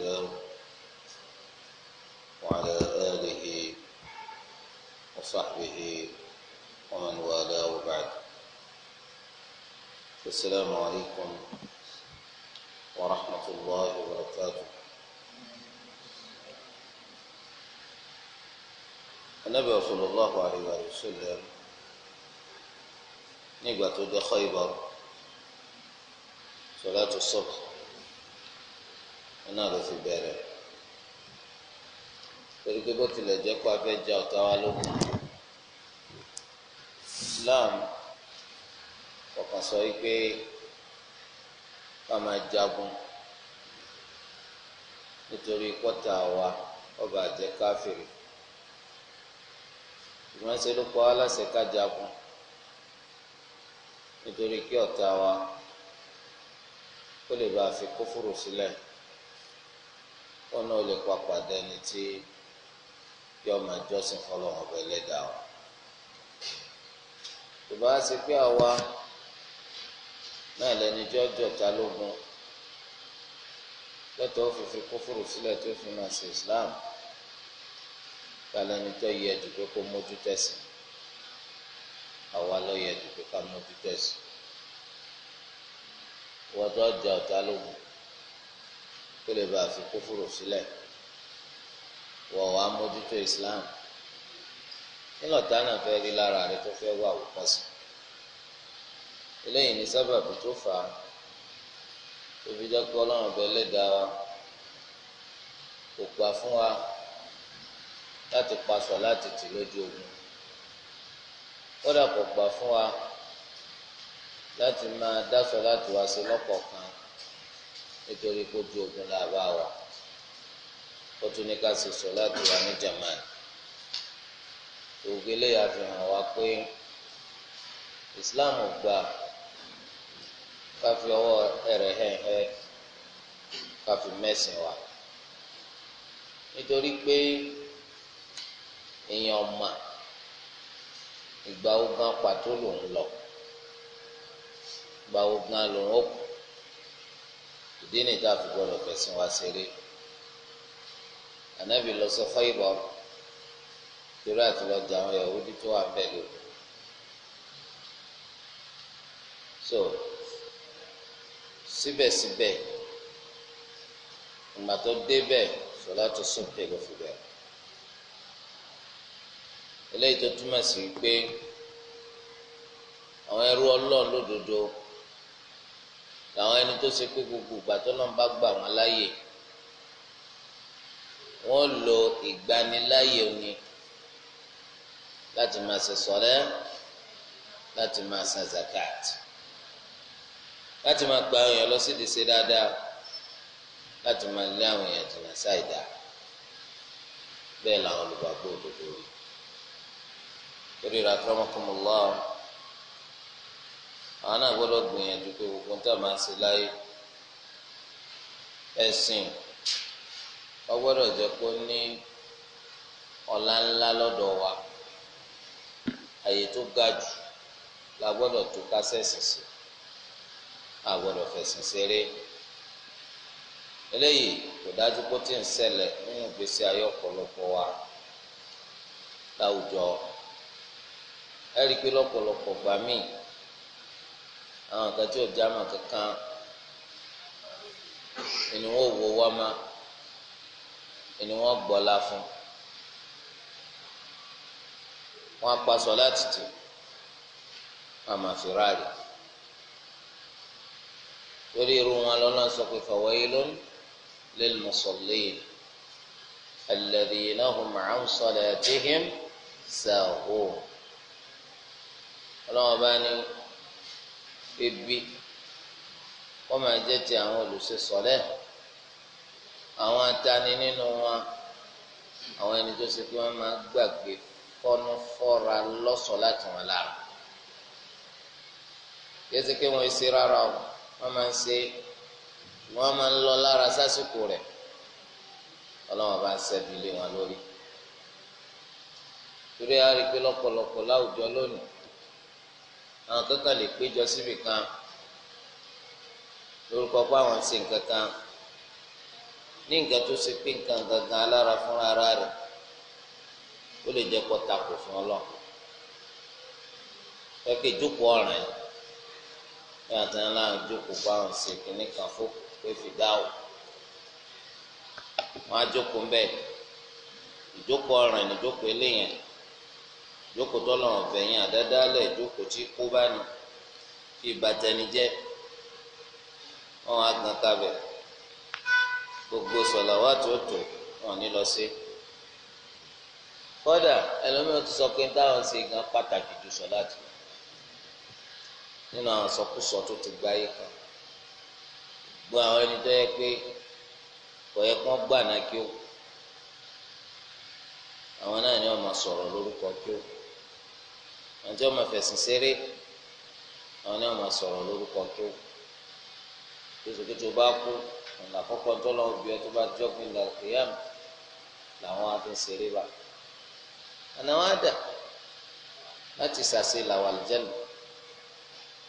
الله وعلى آله وصحبه ومن والاه بعد السلام عليكم ورحمة الله وبركاته النبي صلى الله عليه وسلم نبات تدخل خيبر صلاة الصبح náà ló fi bẹ̀rẹ̀ torí pé bó tilẹ̀ jẹ́ pé a fẹ́ ọ̀tá wa lókun Islam kọ̀ọ̀kan sọ wípé ká máa jagun nítorí kọ́tà wa ọba àjẹ́ káfìrí ìránṣẹ́ ló pa wá láṣẹ ká jagun nítorí kí ọ̀tá wa kó lè bá a fi kófòrò sílẹ̀. Si wọn náà lè papà dẹni tí yọ máa jọ́sìn fọlọ́run ọbẹ̀ lẹ́dàá o tó bá ṣe pé àwa náà lẹni jọ́jọ́ ta lógun lẹ́tọ̀ ó fífi kófòrò sílẹ̀ tó fi máa ṣe Islam ta lẹni tó yẹ jù pé kó mójú tẹ̀sí àwa ló yẹ jù pé ká mójú tẹ̀sí wọ́n tó jẹ́ ọ̀tá lógun kó lè bá fi kófòrò sílẹ̀ wọ̀ wá mójútó Islam nílọ̀tá náà fẹ́ rí lára rẹ tó fẹ́ wà wòkọ́sí eléyìí ní sábàbí tó fà á tóbi dẹ́kun ọlọ́run ọbẹ̀ lẹ́dàá wa kò gbà fún wa láti paṣọ láti tì lójú ogun kódà kò gbà fún wa láti máa dáṣọ láti wá sí lọ́kọ̀ọ̀kan nítorí pé ojú ogun la bá wà ó tún ní ká ṣe sọ láti wà ní jamani òògùn eléyà fi hàn wá pé islam gbà ká fi ọwọ́ ẹ̀rẹ̀ hẹ̀hẹ̀ ká fi mẹ́sìn wá nítorí pé èèyàn mà ìgbà ogun apàtó lòún lọ ìgbà ogun lòún ó kù ìdí ni tá a fi gbọ́dọ̀ fẹ̀sìn wá ṣeré ànábì lọ sọ Khaybar torí àti lọ jà àwọn Yahudi tó wà bẹ́ẹ̀ lò so síbẹ̀síbẹ̀ ìgbà tó débẹ̀ sọlá tó sùn pé kò fi bẹ̀rẹ̀ eléyìí tó túmọ̀ sí pé àwọn ẹrú Ọlọ́run lódodo làwọn ẹni tó ṣe pé gbogbo ìgbà tó náà bá gbà wọn láàyè wọn lo ìgbaniláyè òní láti máa ṣe sọrẹ láti máa san zakat láti máa gba àwọn èèyàn lọ sí ìdíṣe dáadáa láti máa lé àwọn èèyàn jìnnà ṣáìdá bẹ́ẹ̀ làwọn olùgbàgbọ́ òdodo rí torí ra tọmọkùnmọ lọ́wọ́. àwọn náà gbọ́dọ̀ gbìyànjú pé gbogbo ń tà máa ṣe láyé ẹ̀sìn ó gbọ́dọ̀ jẹ́ kó ní ọlá ńlá wa àyè tó la gbọdọ tó kásẹ̀sì sí a gbọ́dọ̀ fẹ̀sìn ṣeré eléyìí kò dájú kó tí ń nínú ìgbésí wa láwùjọ ẹ rí i pé àwọn kan tí ò já mọ́ kankan ìní wọn ò wo wá má ìní wọn gbọ́lá fún wọn apá sọlá títì wọn àmà fìràlì torí irú wọn lọ́nà sọ pé fawailun lil musallin alladhina hum an salatihim sahun ọlọ́wọ́n bá ní. ebi kọ́ máa jẹ́ ti àwọn olùṣe sọ̀lẹ́ àwọn atani nínú wọn àwọn ẹni tó ṣe pé wọ́n máa gbàgbé fọ́nú fọ́ra lọsọ láti wọn lára yẹ pé wọ́n ṣe rárá o wọ́n máa ṣe wọ́n máa lọ lára sásìkò rẹ̀ ọlọ́wọ́n bá ṣẹ́bi lé wọn lórí àwọn kankan lè péjọ síbi kan lórúkọ pé àwọn ṣe nǹkan kan ní nǹkan tó ṣe alára fún ara rẹ̀ ó lè jẹ́ pọtàkù fún Ọlọ́run kẹkẹ ìjókòó ọ̀ràn ní pé àwọn ṣe kan fún pé fìdáwò wọn á jókòó ń bẹ ìjókòó jókòó tọ́lọ̀ ọ̀fẹ́ yẹn àdádálẹ̀ jókòó tí kó bá nù fi bàtẹ́ni jẹ́ wọn á gan kábẹ̀ gbogbo sọ̀lá wà tó tó wọn ní lọ sí. kódà ẹlòmíràn tó sọ pé táwọn ṣe gan pàtàkì ju sọ̀lá tó nínú àwọn sọkúsọ tó ti gbáyé kan gbọ́ àwọn ẹni tó yẹ pé kò kán gbà náà kí ó àwọn náà ni wọn máa sọ̀rọ̀ lórúkọ kí ó àwọn tí wọ́n máa fẹ̀sìn ṣeré àwọn ni wọ́n máa sọ̀rọ̀ lórúkọ tó lóṣùkú tó bá kú ọ̀nà àkọ́kọ́ tó lọ́wọ́ bí ọ tó bá jọ́gbìn làkúyàmù làwọn á fi ń ṣeré bá ọ̀nà wọn á dà láti sàṣe làwọn àlùjẹ́nu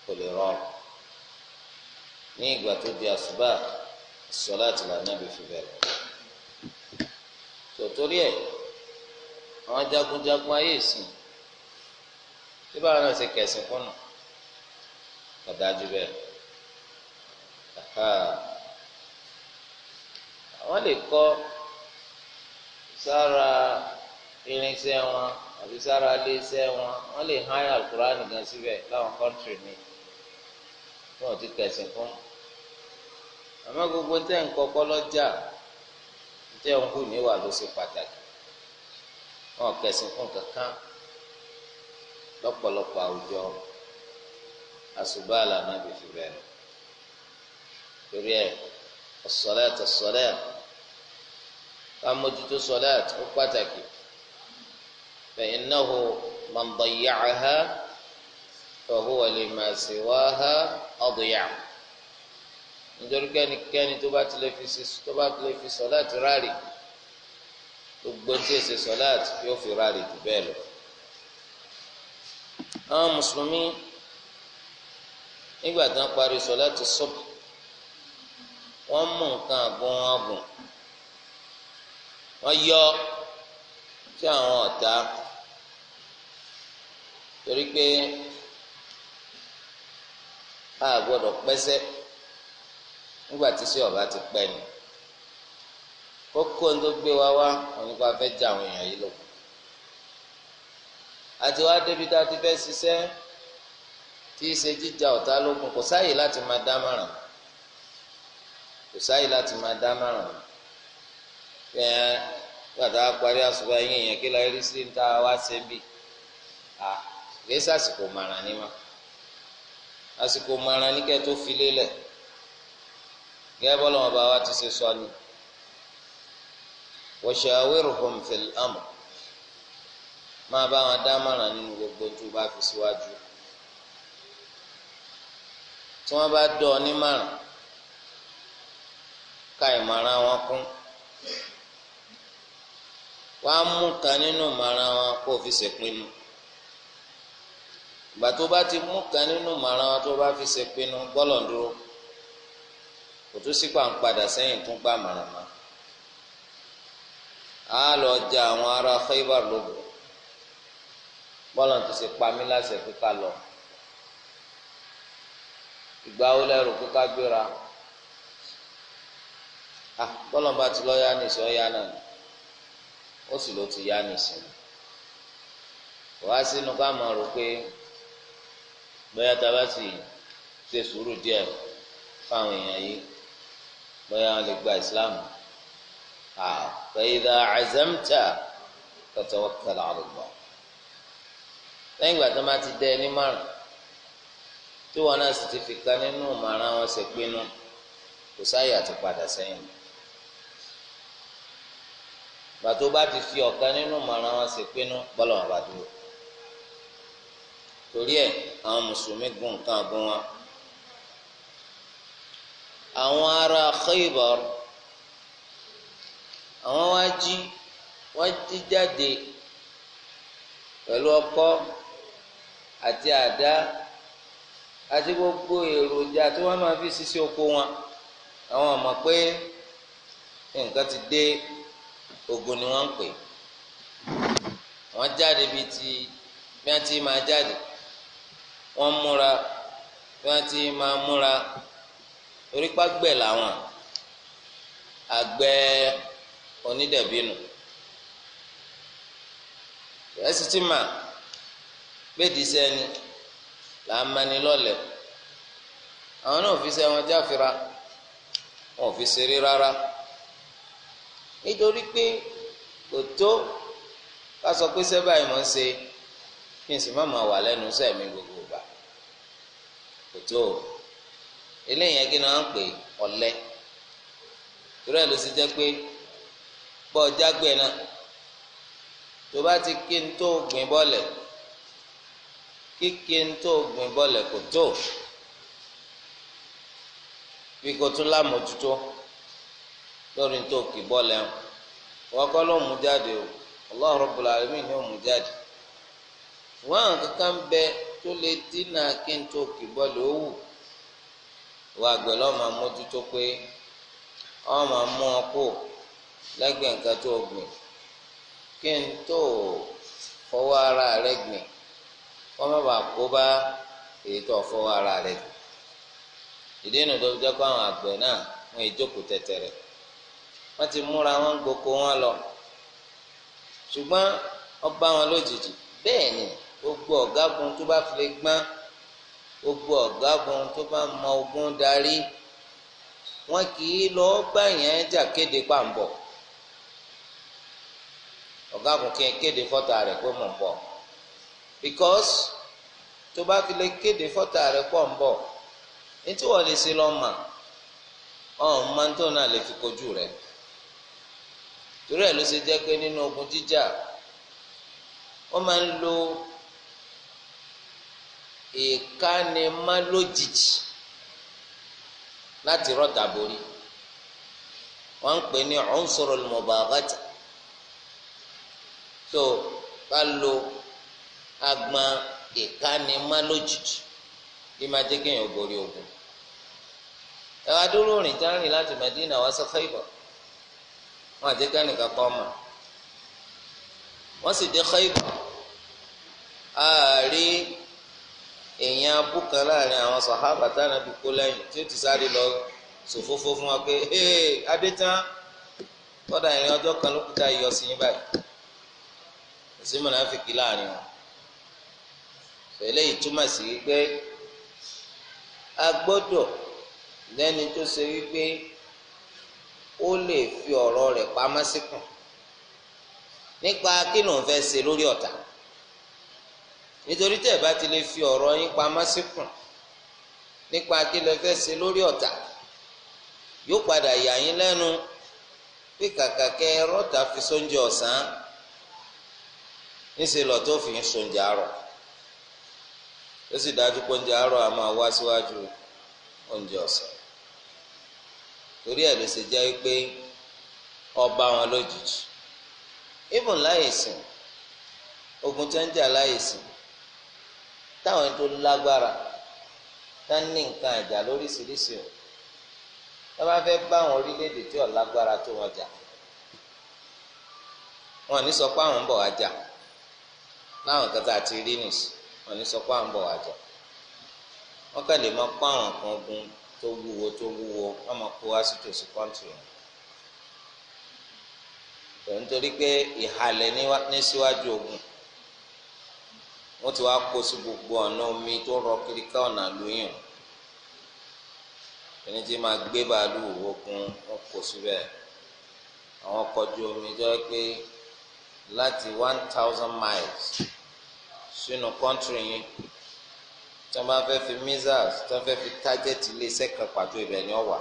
kò lè rọrùn ní ìgbà tó di àṣùbà sọlá àti lànàbì fi bẹ̀rẹ̀ tòtórí ẹ̀ àwọn jagunjagun ayé ìsìn tí báwọn náà ṣe kẹsìn kùnà ọ̀dájú bẹ́ẹ̀ àwọn lè kọ́ sára irinṣẹ́ wọn àbí sára iléeṣẹ́ wọn wọ́n lè hán àlùkùránì gan síbẹ̀ láwọn kọ́ńtìrì ni wọn ò ti kẹsìn kùnà àmọ́ gbogbo tẹ́ ń kọ́kọ́ lọ́jà tẹ́ ń kù níwà ló ṣe pàtàkì wọn ò kẹsìn kankan lọ́pọ̀lọpọ̀ àwùjọ àṣùbà àlànà bìfì bẹ̀rẹ̀ torí ẹ̀ ọ̀sọ̀lẹ́t ọ̀sọ̀lẹ́t ká mójútó sọ̀lẹ́t ó pàtàkì fẹ̀yìn náà hó mọ̀nbọ̀yà ha fọ̀hó wọlé màṣẹ̀wá ha ọ̀dùyà nítorí kẹ́nikẹ́ni tó bá tilẹ̀ fi tó bá tilẹ̀ fi sọ̀lẹ́t rárẹ̀ gbogbo tí èsè sọ̀lẹ́t yóò fi rárẹ̀ jù bẹ́ẹ̀ lọ àwọn mùsùlùmí nígbà tí wọ́n parí sọ láti sọpù wọ́n mú nǹkan àgùn wọn gùn wọ́n yọ sí àwọn ọ̀tá torí pé a gbọ́dọ̀ pẹsẹ nígbà tí sí ọba ti pẹ ni kókó ń tó gbé wa wá òun nípa fẹ́ jà àwọn èèyàn yìí lókun àti wá débi tá a ti fẹ́ ṣiṣẹ́ tí í ṣe jíjà ọ̀tá lógun kò sáàyè láti máa dá márùn kò sáàyè láti máa dá márùn ẹ gbàtà parí àsùnwó ẹ̀yìn yẹn kí la rí sí ní ta wá ṣe ń bì kì í sàsìkò màrán ni ma àsìkò màrán ni kẹ́ tó fi lélẹ̀ gẹ́gẹ́ bọ́lá wọn bá wa ti ṣe sọ ni wọ́n ṣe awérò hàn fìlà mọ́ máa bá wọn dá mọ̀ràn nínú gbogbo tó bá fi síwájú tí wọ́n bá dọ́ ọ ní mọ̀ràn ka ìmọ̀ràn wọn kún wọ́n á mú kan nínú ìmọ̀ràn wọn kó fi ṣèpinnu ìgbà tó bá ti mú kan nínú ìmọ̀ràn wọn tó bá fi ṣèpinnu gbọ́lọ̀ dúró kò tún sí pàǹpadà sẹ́yìn tún gbà mọ̀ràn mọ́ á lọ ja àwọn ará Khaybar lógun bọ́lá ti ṣe pa mí láṣẹ pé ká lọ ìgbà wo lẹ́rù pé ká gbéra bọ́lá bá ti lọ yá nìsín ó yá náà ó sì ló ti yá nìsín wá sínú ká máa rò pé bóyá tá bá sì ṣe sùúrù díẹ̀ fáwọn èèyàn yìí bóyá wọn lè gba ìsìláàmù àfẹ́ ìdá àzẹ́mtà tatawakkal ala Allah lẹ́yìn ìgbà tó má ti dẹ ní márùn tí wọn náà sì ti fi kan nínú màrán wọn ṣe pinnu kò sáyè àti padà sẹ́yìn ìgbà tó bá ti fi ọ̀kan nínú màrán wọn ṣe pinnu bọ́lá wọn bá dúró torí ẹ̀ àwọn mùsùlùmí gun nǹkan ọ̀gbun wọn àwọn ará Khaybar àwọn wá jí jáde pẹ̀lú ọkọ́ àti àdá àti gbogbo èròjà tí wọ́n máa fi ṣiṣẹ́ oko wọn àwọn ọmọ pé nǹkan ti dé ogun ni wọ́n ń pè wọ́n jáde bíi ti bí wọ́n ti máa jáde wọ́n múra bí wọ́n ti máa múra orípa gbẹ̀ làwọn àgbẹ̀ onídẹ̀bínú ẹ sì ti máa. gbèdì sẹ́ni là á mani lọ́lẹ̀ àwọn náà fi sẹ́ wọn jáfira wọn ò fi ṣeré rárá nítorí pé kò tó ká sọ pé sẹ́bà ń ṣe kí n sì má máa wà lẹ́nu sẹ́mi gbogbo ìgbà kò tó eléyìí kí ni ń pè ìrẹ́ ló jẹ́ pé bọ́ọ̀ náà ti kí n tó gbìn bọ́ọ̀lẹ̀. kíkí ń gbin bọ́lẹ̀ kò tó bí kò lámòtútó lórí ń tó bọ́lẹ̀ ń wọ́n ló mú jáde o Allah Rabbul Alamin ni ó mú jáde wọ́n àwọn kankan bẹ tó lè dínà kí n tó bọ́lẹ̀ ó wù wọ́n àgbẹ̀ lọ́ọ́ máa mójútó pé ọ́ máa mú ọ kó lẹ́gbẹ̀ẹ́ nǹkan tó gbìn kí fọwọ́ kọ́mọ bá kó bá èyí tó fọ́ ara rẹ̀ ìdí inú tó fi jẹ́ pé àwọn àgbẹ̀ náà wọ́n ìjókòó tẹ̀tẹ̀rẹ̀ wọ́n ti múra wọn gboko wọn lọ ṣùgbọ́n ọba wọn lójijì bẹ́ẹ̀ ni gbogbo ọ̀gágun tó bá fi lè gbọ́n gbogbo ọ̀gágun tó bá mọ ogun darí wọn kì í lọ bá yẹn jà kéde pàǹbọ̀ ọ̀gágun kéde fọ́tà rẹ̀ pé mò ń bọ̀ because tó bá fi lè kéde fọ́tà rẹ̀ pọ̀ ń bọ̀ ntí wọ́n lè ṣe lọ́mà ọ̀hún máa ń tó náà lè fi kojú rẹ̀ torí ẹ̀ ló ṣe jẹ́ pé nínú ogun jíjà wọ́n máa ń lo ìkánimá lójijì láti rọ́ta borí wọ́n ń pè ní unsurul mubaghata tó bá lo. So, agbọn ìkánimálójijì bí máa jẹ́ kéèyàn borí ogun ẹwà dúró rìn járìn láti Medina wá sí Khaybar wọn àti kánìkan kọ́ ọmọ wọ́n sì dé Khaybar ààrí èèyàn abúkan láàrin àwọn sàhábà tánàbí kó lẹ́yìn tí ó ti sáré lọ sòfófó fún wa pé adétán kọ́dà ìrìn ọjọ́ kan ló kúta ìyọ̀sìn báyìí kò sí mọ̀nàfìkì láàrin wọn. eléyìí túmọ̀ sí wípé a gbọ́dọ̀ lẹ́ni tó ṣe wípé ó lè fi ọ̀rọ̀ rẹ̀ pamọ́ síkùn nípa kí ló ń fẹ́ ṣe lórí ọ̀tá nítorí ti lè fi ọ̀rọ̀ yín pamọ́ síkùn nípa kí ló fẹ́ ṣe lórí ọ̀tá yóò padà yà yín lẹ́nu pé kàkà kẹ́ rọ́ọ̀tà fi sóúnjẹ ọ̀sán ńṣe tó fi ń sóúnjẹ ó si dájú pé oúnjẹ arọ a ma wá síwájú oúnjẹ ọsọ torí ẹ̀ ló ṣe pé wọn lójijì even láyèsìn ogun tí wọ́n jà láyèsìn táwọn tó lágbára tá ní nǹkan àjà lóríṣiríṣi o tá bá fẹ́ bá àwọn tí lágbára tó wọn jà wọn sọ pé àwọn ń wá jà láwọn kan wọn ní sọ pé à ń bọ̀ wájà wọn kàn lè máa kó àwọn kan gun tó wúwo tó wúwo wọn máa kó wá sí tòsí kọ́ńtì wọn tòun torí pé ìhàlẹ̀ ní síwájú ogun wọ́n ti wá kó sí gbogbo ọ̀nà omi tó rọ kiri ká ọ̀nà lóyún ẹni tí máa gbé bàálù òwòkun wọ́n kó síbẹ̀ àwọn ọkọ̀ omi jẹ́ pé láti one thousand miles sínú kọ́ńtìrì yín tí wọ́n bá fẹ́ fi missiles tí wọ́n fẹ́ fi tájẹ́tì iléeṣẹ́ kan pàtó ibẹ̀ ni ó wà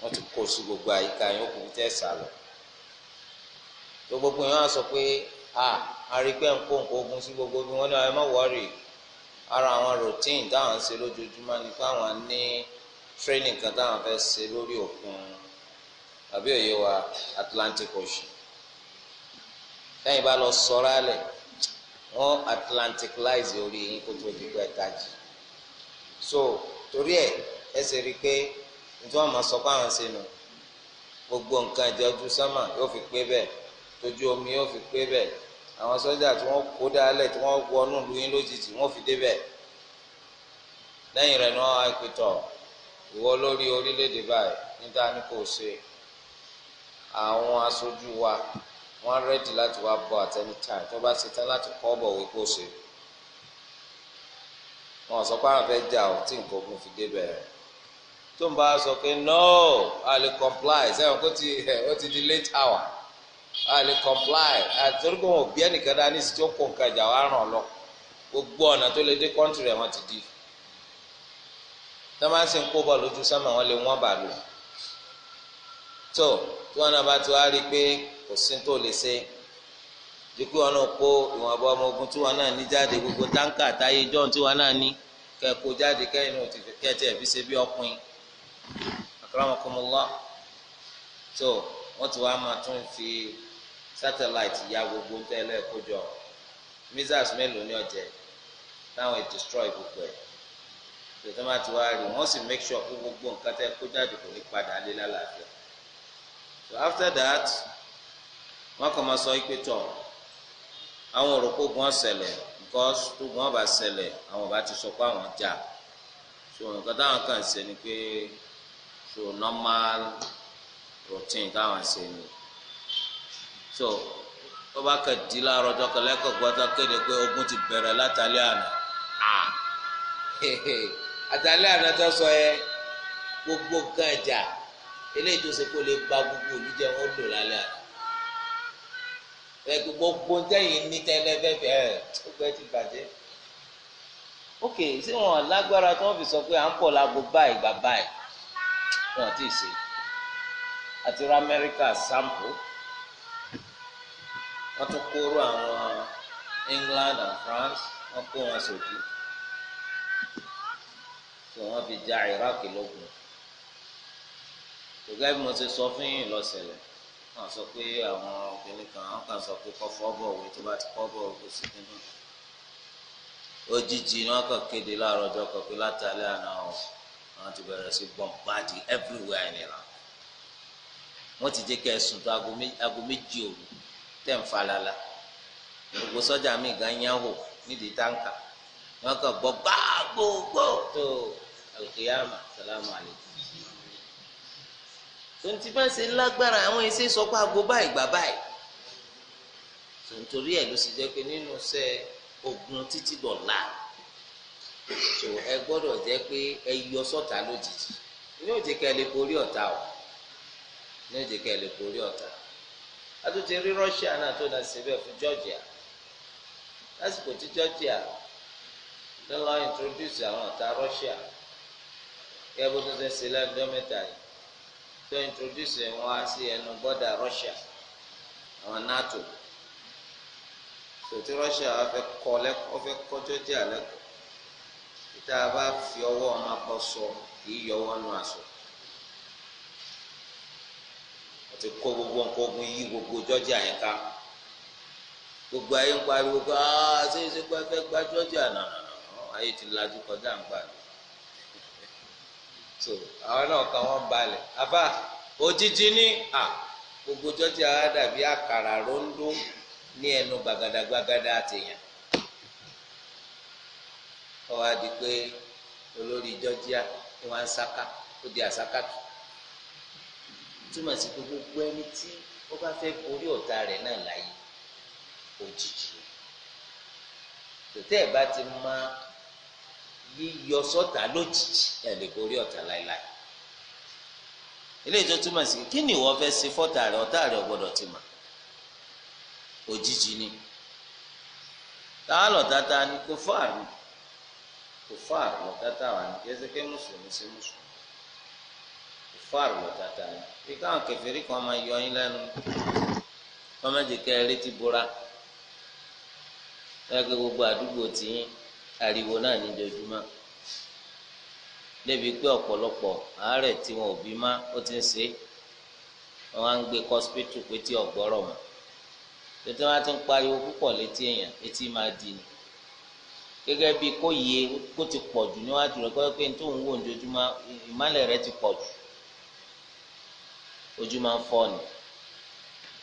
wọ́n ti kó sí gbogbo àyíká yín ó kù tẹ́ sá lọ tó gbogbo yín wá sọ pé a arígbẹ́ ń kó nǹkan ogun sí gbogbo bí wọ́n ní àwọn ẹ má wọ́ọ̀rì ara àwọn routine táwọn ń ṣe lójoojúmọ́ ni fáwọn ní training kan táwọn fẹ́ ṣe lórí òkun àbí òye wa Atlantic Ocean lẹ́yìn bá lọ sọ́ra lẹ̀ ọ atlanticize orí yín kó tó di pé tají so torí ẹ ẹ ṣe rí i pé nítorí wọn máa sọ pé àwọn ṣe nù gbogbo nǹkan ìjà ojú sánmà yóò fi pé bẹ́ẹ̀ tójú omi yóò fi pé bẹ́ẹ̀ àwọn sọ́jà tí wọ́n kó dálẹ̀ tí wọ́n wọnú ìlú yín lójijì wọ́n fi débẹ̀ lẹ́yìn rẹ̀ ni wọ́n á pè tọ̀ ìwọ lórí orílẹ̀ báyìí níta ni kò ṣe àwọn aṣojú wa wọ́n rẹ́dì láti wá bọ̀ at any time tó bá ṣe tán láti kọ́ bọ̀ wí kó ṣe wọn sọ pé àwọn fẹ́ jà ọ tí nǹkan ogun fi débẹ̀ rẹ̀ tó ń bá sọ pé no a lè comply sẹ́wọ̀n kó ti ó ti di late hour a lè comply àtúrò kó wọn ò bí ẹnìkan dání sí tí ó kó nǹkan ìjà wa ràn lọ gbogbo ọ̀nà tó lè dé kọ́ńtì rẹ̀ wọ́n ti di tó máa ń sìn kó bọ̀ lójú sọ́mọ̀ wọn lè wọ́n bàlù tó tí wọn náà bá ti wá rí i pé kò sí tó lè ṣe dukú wọn náà kó ìwọ̀nba ọmọ ogun tí wọn náà ní jáde gbogbo táǹkà táyé john tí wọn náà ní kẹkọ jáde kẹyìn náà ti fi kẹtẹ fi ṣe bí ọkùnrin akramakumullah tó wọn ti wá máa tún fi satellite ya gbogbo ń tẹ́lẹ̀ kójọ missiles mélòó ní ọ̀jẹ̀ táwọn ẹ̀ destroy gbogbo ẹ̀ tòtò máa ti wá rí wọn sì make sure kó gbogbo nǹkan tẹ́ kó jáde kò ní padà lé lálàáfíà so after that wọn kàn máa sọ pé tọ àwọn òròpó gan ṣẹlẹ̀ because tó gan bá ṣẹlẹ̀ àwọn bá ti sọ pé àwọn jà so nǹkan táwọn kàn ṣe ni pé so normal routine táwọn ṣe ni so tó bá kàn di láàárọ̀ ọjọ́ kan lẹ́kọ̀ọ́ gbọ́dọ̀ kéde pé ogun ti bẹ̀rẹ̀ látàlẹ́ àná àtàlẹ́ àná tó sọ yẹ gbogbo kan jà eléyìí tó ṣe kó lè ba gbogbo olùjẹ́ wọn lò lálẹ́ àná ẹ gbogbo ntẹ́yìn ní tẹ́lẹ̀ fẹ́fẹ́ ẹ ó gbẹ ti bàjẹ́. ok ṣé wọn lágbára tí wọn fi sọ pé à ń pọ̀ lágbo báyìí gbà báyìí wọn ti ṣe àti ra Amẹ́ríkà sampo wọn tún kóró àwọn England and France wọn kó wọn sòdí tí wọn fi ja Iraq lógun tògá bí mo ṣe sọ fún yín lọ ṣẹlẹ̀ wọ́n sọ pé àwọn obìnrin kan wọ́n kàn sọ pé kọ́fọ́ bọ̀ òwe tó bá ti kọ́ bọ̀ òwe sí nínú òjijì ni wọ́n kàn kéde láàárọ̀ ọjọ́ kan pé látàlẹ́ àná wọ́n ti bẹ̀rẹ̀ sí bọ̀m̀bàdì everywhere nìyẹn wọ́n ti jẹ́ kẹ́ ẹ sùn tó aago méjì òru tẹ̀ ń falala gbogbo sọ́jà mi gan yán wò nídìí táǹkà wọ́n kàn gbọ́ gbáàgbó tó alùpùpù yàrá sàlámù àlejò. tonti bá ń ṣe lágbára àwọn ẹsẹ sọ pé báyìí gbà báyìí tontori ẹ ló sì jẹ pé nínú sẹ ogun títí dọ̀là so ẹ gbọdọ jẹ́ pé ẹ yọ sọ́ta lójijì ní òjì ká ẹ lè borí o ní òjì ká ẹ lè borí a rí Russia náà tó náà fún Georgia lásìkò tí Georgia ló introduce àwọn Russia tó introduce wọn wá sí ẹnu bọ́dà Russia àwọn NATO sòtí Russia wọ́n fẹ́ kọ́ lẹ́kọ́ fẹ́ kọ́ Georgia lẹ́kọ́ tá a bá fi ọwọ ọmọ akọ sọ kì yọ ọwọ́ nù wọ́n ti kó gbogbo nǹkan ogun yí gbogbo Georgia yẹn ká gbogbo ayé ń pariwo pé so àwọn náà kàn wọ́n balẹ̀ àbá òjijì ní à gbogbo ọjọ́ tí ara dàbí àkàrà rondo ní ẹnu gbàgàdàgbàgàdà àtẹ̀yàn ó wá di pé olórí jọjíà ni wọ́n ń sáká ó di àsákàtù túmọ̀ sí pé gbogbo ẹni tí ó bá fẹ́ borí ọ̀tá rẹ̀ náà láyé òjijì tòtẹ́ ẹ̀ bá ti máa yíyọ yọ lójijì ẹ̀ lè borí ọ̀tá láéláé eléyìí tó túmọ̀ sí kí ni ìwọ fẹ́ ṣe fọ́tà rẹ ọ̀tá rẹ ti òjijì ni táwọn lọ́tà ni kò fáàrù kò fáàrù lọ́tà ta wà ní kẹsẹ̀ mùsùlùmí sí mùsùlùmí ni káwọn kan máa yọ yín lẹ́nu wọ́n kẹ́ ẹ bora ẹ gbé gbogbo àdúgbò ariwo náà ní dojúmọ́ débi pé ọ̀pọ̀lọpọ̀ àárẹ̀ tí wọn ò bí má ó ti ń ṣe wọn á ń gbé kọ́sípítù pé tí ọ̀gbọ́rọ̀ mọ́ tètè wọn á ti ń pariwo púpọ̀ létí èèyàn etí máa di ni gẹ́gẹ́ bí kó yẹ kó ti pọ̀ jù níwájú rẹ̀ kọ́yọ́ pé tó ń wò ojoojúmọ́ ìmálẹ̀ rẹ̀ ti pọ̀ jù ojú máa ń fọ́ ni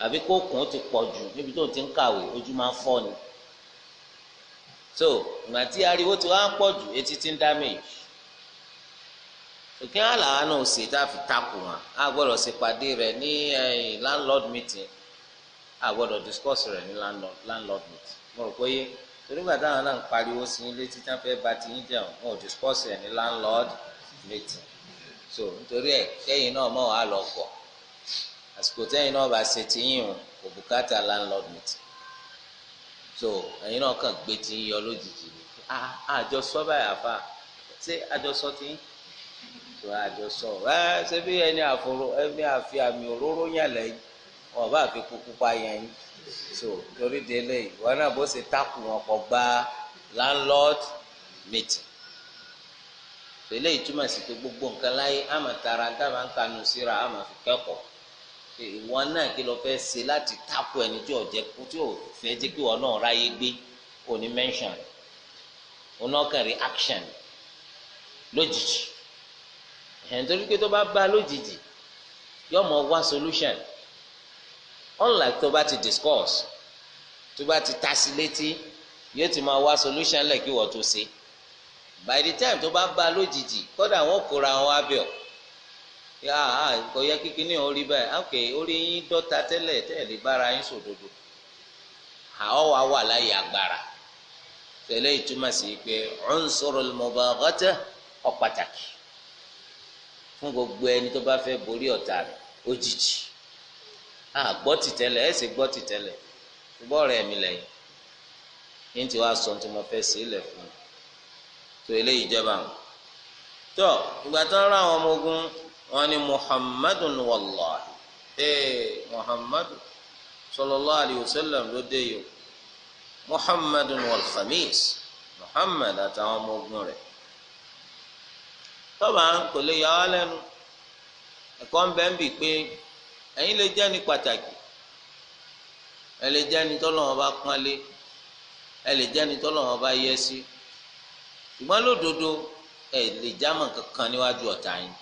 àbí kó kùn ó ti pọ̀ jù níbi tó ti ń kàwé ojú máa ń fọ́ ni so ìgbà tí ariwo ti wá ń pọ̀ jù etí ti ń damage òkè hàn làwọn náà ṣe tá a fi takò wọn a gbọ́dọ̀ ṣe pàdé rẹ ní landlord meeting a gbọ́dọ̀ discuss rẹ ní landlord meeting mo rò pé yé torí gbàtà àwọn náà ń pariwo sí ilé títí fẹ́ bá ti yín jẹun wọn discuss rẹ ní landlord meeting so nítorí ẹ kẹ́yìn náà mọ̀ wá lọ pọ̀ àsìkò tẹ́yìn náà bá ṣe ti yín o kò bùkátà landlord meeting so ẹ̀yin náà kàn gbé tí ń yọ lójijì ni àjọsọ báyìí àfa ṣé àjọsọ ti ń tó àjọsọ ẹ ṣé bí ẹni àforó ẹni àfi àmì òróró yàn lẹ́yìn wọn bá fi kúkú pa yẹn yín so torí délé ìwọ náà bó ṣe takù wọn pọ̀ gba landlord meeting so eléyìí túmọ̀ sí pé gbogbo nǹkan láyé àmọ̀ tara dábàá ń kanu síra àmọ̀ fi kẹ́kọ̀ọ́ pé ìwọ náà kí ló fẹ́ ṣe láti tako ẹni tí ò jẹ́ tí ò fẹ́ jẹ́ kí ìwọ náà ráyé gbé kò ní mention onákan reaction lójijì nítorí pé tó bá bá lójijì yóò mọ wá solution unlike tó bá ti discuss tó bá ti ta sí létí yóò ti máa wá solution lẹ́kí wọ́n tó ṣe by the time tó bá bá lójijì kódà wọn kóra wọn abẹ́ ọ̀ yàà kò yẹ kíkí ní orí báyìí ok orí yín dọ́ta tẹ́lẹ̀ tẹ́lẹ̀ bára yín sòdodo àwọn wa wà láyé agbára tẹ̀lé ìtumọ̀ sí pé unsurul mubaghatah ó pàtàkì fún gbogbo ẹni tó bá fẹ́ borí ọ̀tá rẹ̀ òjijì a gbọ́ ti tẹ́lẹ̀ ẹ̀sìn gbọ́ ti tẹ́lẹ̀ ṣùgbọ́n ọ̀rẹ́ mi lẹ́yìn yín ti wá sọ tí mo fẹ́ sílẹ̀ fún tó eléyìí jọba àwọn tó ìgbà tó rán àwọn ọmọ ogun wọ́n ní muhammadun wallahi ee eh, muhammadu sallallahu alayhi wa sallam ló dé yìí muhammadun wal khamis muhammad àtàwọn ọmọ ogun rẹ̀ tọ́ba kò lè yà wá lẹ́nu ẹ̀kọ́ ń bẹ́ ń bì pé ẹ̀yin lè jẹ́ ní pàtàkì ẹ lè jẹ́ ní tọ́lọ́wọ́n bá pọ́nlé ẹ lè jẹ́ ní tọ́lọ́wọ́n bá yẹ sí ṣùgbọ́n lódodo ẹ lè jámọ̀ kankan níwájú ọ̀tá yín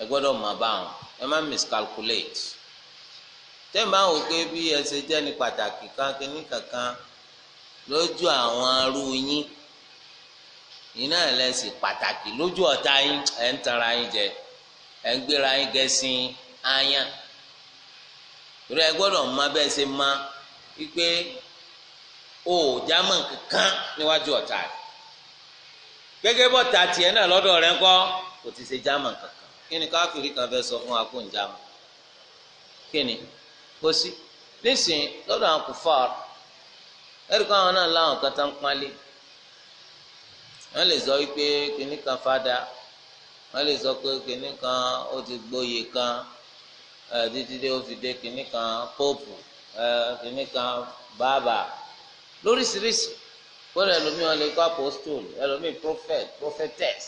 ẹ gbọ́dọ̀ mọ̀ báwọn ẹ má miscalculate tẹ́ẹ̀ bá wò pé bí ẹ ṣe jẹ́ ní pàtàkì kankan ní kankan lójú àwọn arú yín iná ẹlẹ́sìn pàtàkì lójú ọ̀tá yín ẹ̀ ń tanra yín jẹ ẹ̀ ń gbéra yín gẹ̀ẹ́sìn áyán torí ẹ gbọ́dọ̀ mọ bẹ́ẹ̀ ṣe mọ wípé o ò jámọ̀ kankan níwájú ọ̀tá rẹ̀ gẹ́gẹ́ bọ́ta tiẹ̀ náà lọ́dọ̀ rẹ̀ ńkọ́ kò ti ṣe jámọ̀ kankan kí ni káfíìrì kan fẹ́ sọ fún wa kó ni kó sí nísìnyí lọ́dọ̀ àwọn kùfàr ẹ̀rí kan àwọn náà láwọn kan tá ń pálí wọ́n lè sọ wípé kìnnì kan fada wọ́n lè sọ pé kìnnì kan ó ti gbóyè kan títí dé ó fi dé kìnnì kan pópù kìnnì kan bàbà lóríṣiríṣi kó lè lómi wọn lè kó apostole ẹlòmíì prophet prophetess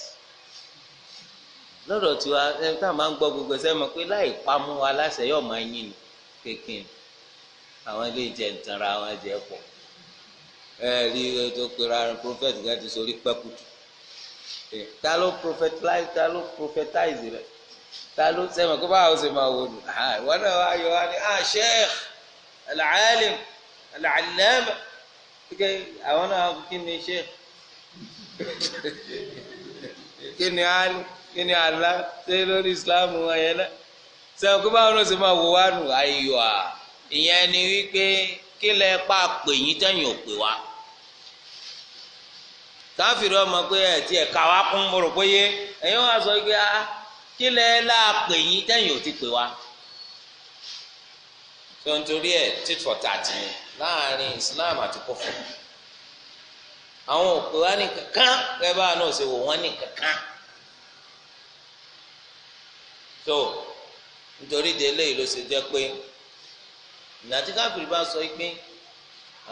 lọ́dọ̀ tiwa ẹ tá a máa ń gbọ́ gbogbo ẹsẹ̀ mọ̀ pé láì pamọ́ wa láṣẹ yóò máa yín ni kékin àwọn ilé ìjẹ ìtara àwọn ẹ̀jẹ̀ pọ̀ ẹ rí i tó pera prophet gẹ́gẹ́ ti sọ orí pẹ́kùtù ta ló prophetize ta ló prophetize rẹ ta ló sẹ́mọ̀ kó báwo ṣe máa wò lù ah, wọ́n náà wá yọ wá ní ah sheikh al-alim al àwọn náà kí ni sheikh kí ni alim. kí ni àlá lórí islam náà ló ṣe máa wò wá nù ayọ̀ à ìyẹn ni wípé kí lẹ pa pè yín tẹ̀yìn ò pè wá káfíìrì ọmọ pé ẹ tiẹ̀ ká wá kún mo sọ pé ah kí lẹ la pè ti pè wá tó ń torí ati tit for islam àti kófò àwọn òpè wá ní kankan kẹ báwa náà ṣe wò wọn ní kankan. tó nítorí de eléyìí ló ṣe jẹ́ pé ìnàtí káfíìrì bá sọ pé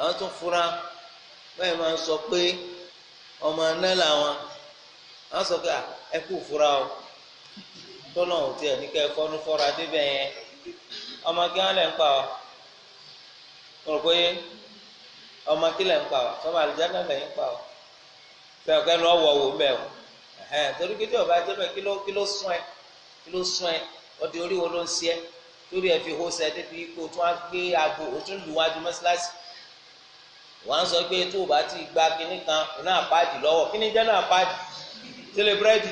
àwọn tó fura báyìí máa ń sọ pé ọmọ náà làwọn a, sọ pé ẹ kú fura o tọ́lọ̀ ò tiẹ̀ ní kẹ́kọ́ ní fọ́ra débẹ̀ yẹn ọmọ kí ń pa mo rò pé ọmọ kí ń pa àlùjáde ń pa torí kí kí ló sún ẹ ọdẹ orí wo ló ń ṣe ẹ lórí ẹ fi hó sẹ débi ipò tó wá gbé aago òtún lù wájú mọ́ṣáláṣí wọ́n á sọ pé tó o bá ti gba kinní kan náà páàdì lọ́wọ́ kinní jẹ́ náà páàdì tẹ́lẹ̀ búrẹ́dì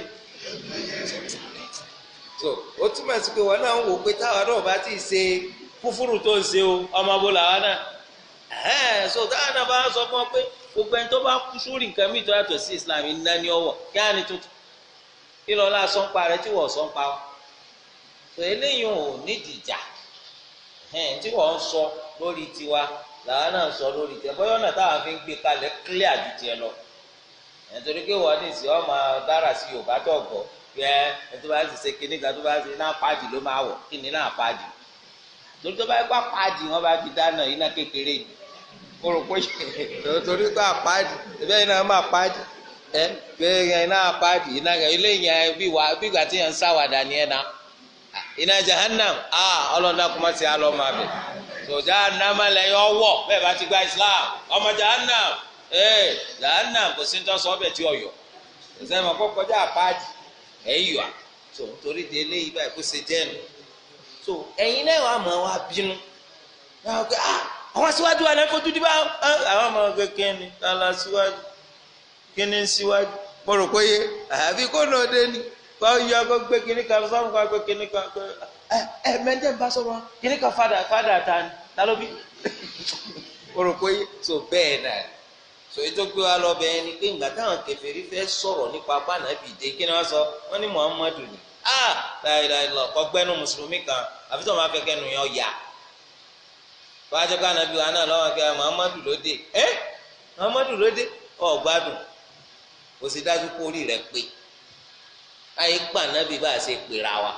so ó túmọ̀ sí pé wọn náà ń wò pé táwa náà bá ti ṣe kúfúrú tó ń ṣe o ọmọ bó làwa náà ẹ̀ẹ́n so táwa náà bá sọ fún ọ pé gbogbo ẹni tó bá kú sórí nǹkan mìíràn tó yàtọ̀ sí Islam iná ní ọwọ́ kí á ní tuntun kí sọmpa rẹ tí wọ́n sọ wọ́n ń lórí tiwa làwọn náà ń lórí tiwa náà táwọn fi ń kalẹ̀ ju tiẹ̀ lọ nítorí pé wọ́n ní ọmọ dára sí Yorùbá tó gbọ́ pé ẹ tó bá sì ṣe kíní tó bá sì náà pàdì ló máa wọ̀ kíní náà pàdì torí tó bá pàdì wọ́n bá fi dáná kékeré kórópó ẹ ina iná apáàdì ilé yẹn bí wà bí ìgbà ni ẹ na iná jahannam a ọlọ́dà kuma ti alọ́ be bẹ̀ jahannam lẹ́yìn ọwọ́ bẹ́ẹ̀ bá ti gba islam ọmọ jahannam ee jahannam kò sí ní tọ́sọ ọbẹ̀ tí ọ̀yọ́ kò sẹ́ni ọkọ̀ a torí de eléyìí báyìí kó ṣe náà wà ah, wa bínú àwọn wa náà fojú bá ni kálá kíní síwájú mo rò pé yé àbí ni kó yọ akó gbé kíní kan sọ́run kó akó kíní kan ẹ ẹ mẹ́tẹ́ bá sọ̀rọ̀ kíní kan fada fada ta ni ta ló so bẹ́ẹ̀ náà so wa lọ bẹ́ẹ̀ ni pé táwọn fẹ́ sọ̀rọ̀ nípa bánà sọ ni ah lọ mùsùlùmí kan àfi fẹ́ yẹn o sí dájú pé orí rẹ pé ayé gbà nábì bá a ṣe pèrà wa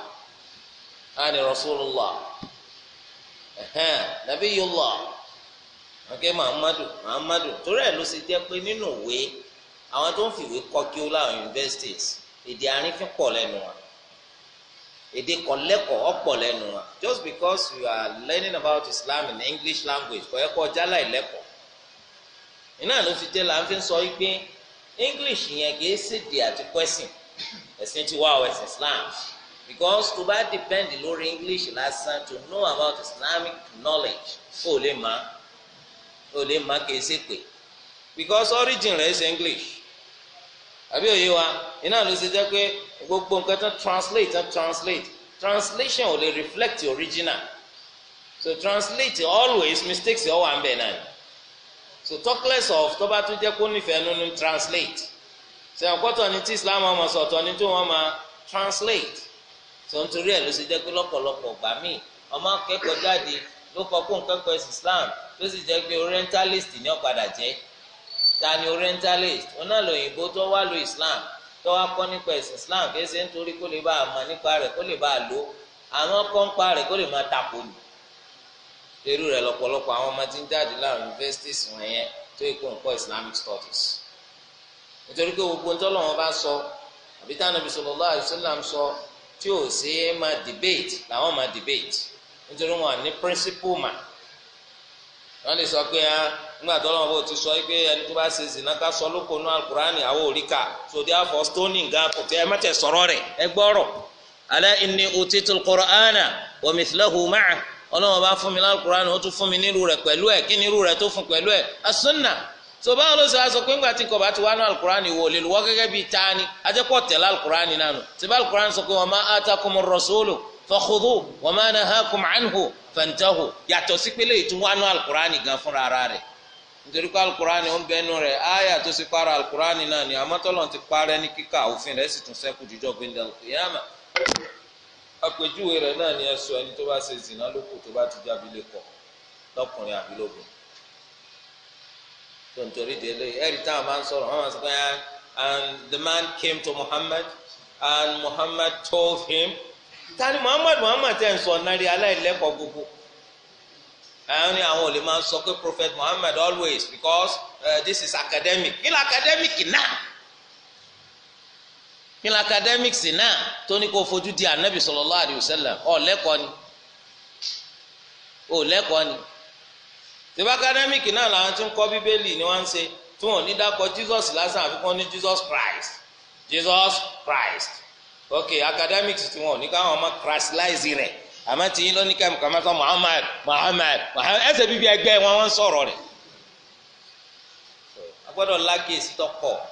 ani rasulullah ẹhẹn nabiyullah ọkẹ mahamadu mahamadu torí ẹ ló ṣe jẹ pé nínú ìwé àwọn tó ń fìwé kọ kí ó láwọn universities èdè àrífín pọ̀ lẹ́nu wa èdè kọlẹkọọ ọ̀pọ̀ wa just because you are learning about islam in english language kọyẹkọ jálá ìlẹkọ iná ló fi jẹ là ń fi sọ yí pé. english yẹn kì í ṣèdè àti kwẹ́sìn ẹ̀sìn ti wá ẹ̀sìn islam because tó bá depend lórí english lásán to know about islamic knowledge ó lè má ó lè má kì í ṣe pé because origin rẹ̀ is english àbí òye wa iná ló ṣe jẹ́ pé gbogbo nǹkan tán translate tán translate translation ò lè reflect original so translate always mistakes ọ̀ wà ń bẹ̀ náà so talkless of tó bá tún jẹ́ kó nífẹ̀ẹ́ nínú translate ṣe àkọ́tọ̀ ni tí islam ọmọ sọ̀tọ̀ ni tó wọ́n máa translate so nítorí ẹ̀ ló ṣe jẹ́ pé lọ́pọ̀lọpọ̀ gbà mí ọmọ akẹ́kọ̀ọ́ jáde ló kọ́ kó ẹ̀sìn islam tó sì jẹ́ pé orientalist ni ó padà jẹ́ ta ni orientalist ọ̀nà lòyìnbó tó wá lo islam tó wá kọ́ nípa ẹ̀sìn islam kì í ṣe nítorí kó lè bá a mọ̀ nípa rẹ̀ kó lè bá a lò àwọn kọ́ nípa rẹ̀ kó lè máa tako irú rẹ̀ lọ́pọ̀lọpọ̀ àwọn ọmọ tí ń jáde láwọn universities wọn yẹn tó ikú nǹkan islamic studies nítorí pé gbogbo ń tọ́lọ́ wọn bá sọ àbí tánàbí sallallahu alaihi wasallam sọ tí ò sí máa debate làwọn máa debate nítorí wọn ní principle mà wọn lè sọ pé ah, nígbà tó lọ́wọ́ bó ti sọ pé ẹni tó bá ṣe zina ká sọ lóko nú alukurani àwọn òríkà so therefore stoning gan kò tí ẹ mẹ́tẹ̀ sọ̀rọ̀ rẹ̀ ẹ gbọ́rọ̀ ala inni utitul qur'ana wa mithlahu ma'ah ọlọ́wọ́n bá fún mi lálùkùránì ó tún fún mi nírú rẹ̀ pẹ̀lú ẹ̀ kí nírú rẹ̀ tó fún pẹ̀lú ẹ̀ asúnà tó báwo ló sọ aṣọ pé ńgbà tí kò bá ti wá ní alukùránì wò lè wọ́ gẹ́gẹ́ bíi tani ajẹ́pọ̀ tẹ̀lé alukùránì nánu tí bá alukùránì sọ pé wa ma atakumur rasulu fakhudhu wa ma nahakum anhu fantahu yàtọ̀ sí pé léyìí tún wá ní alukùránì gan fúnra ara rẹ̀ nítorí pé alukùránì ó ń bẹnu rẹ̀ áyà tó sì para alukùránì náà ni àmọ́tọ́lọ́ ti parẹ́ ní kíkà òfin rẹ̀ sì tún sẹ́kù jíjọ́ gbẹ̀ndẹ̀ al àpèjúwe rẹ̀ náà ni ẹ sọ ẹni tó bá ṣe zìnà lóko tó bá ti jábí lè lọkùnrin àbí lóbìn tó ń torí délé táwọn máa ń sọ̀rọ̀ wọ́n máa sọ pé ah, and the man came to Muhammad and Muhammad told him tani Muhammad Muhammad tẹ̀ ń sọ náírà aláìlẹ́kọ̀ọ́ gbogbo àwọn ni àwọn ò lè máa sọ pé Prophet Muhammad always because uh, this is academic kí ni academic náà kí ni academics náà tó ní kó fojú di anabi sallallahu alayhi wa sallam ọ lẹ́kọ̀ọ́ ni ò lẹ́kọ̀ọ́ ni tìbá academic náà làwọn tí ń kọ́ bíbélì ni wọ́n ń ṣe tí wọ́n ní dákọ jesus lásán àfikún ní jesus christ jesus christ ok academics tí wọ́n ní káwọn ọmọ christlize rẹ̀ àmọ́ tí yín ló ní kàmá sọ muhammad muhammad muhammad ẹsẹ̀ bíbí ẹgbẹ́ wọn wọ́n ń sọ̀rọ̀ rẹ̀ a gbọ́dọ̀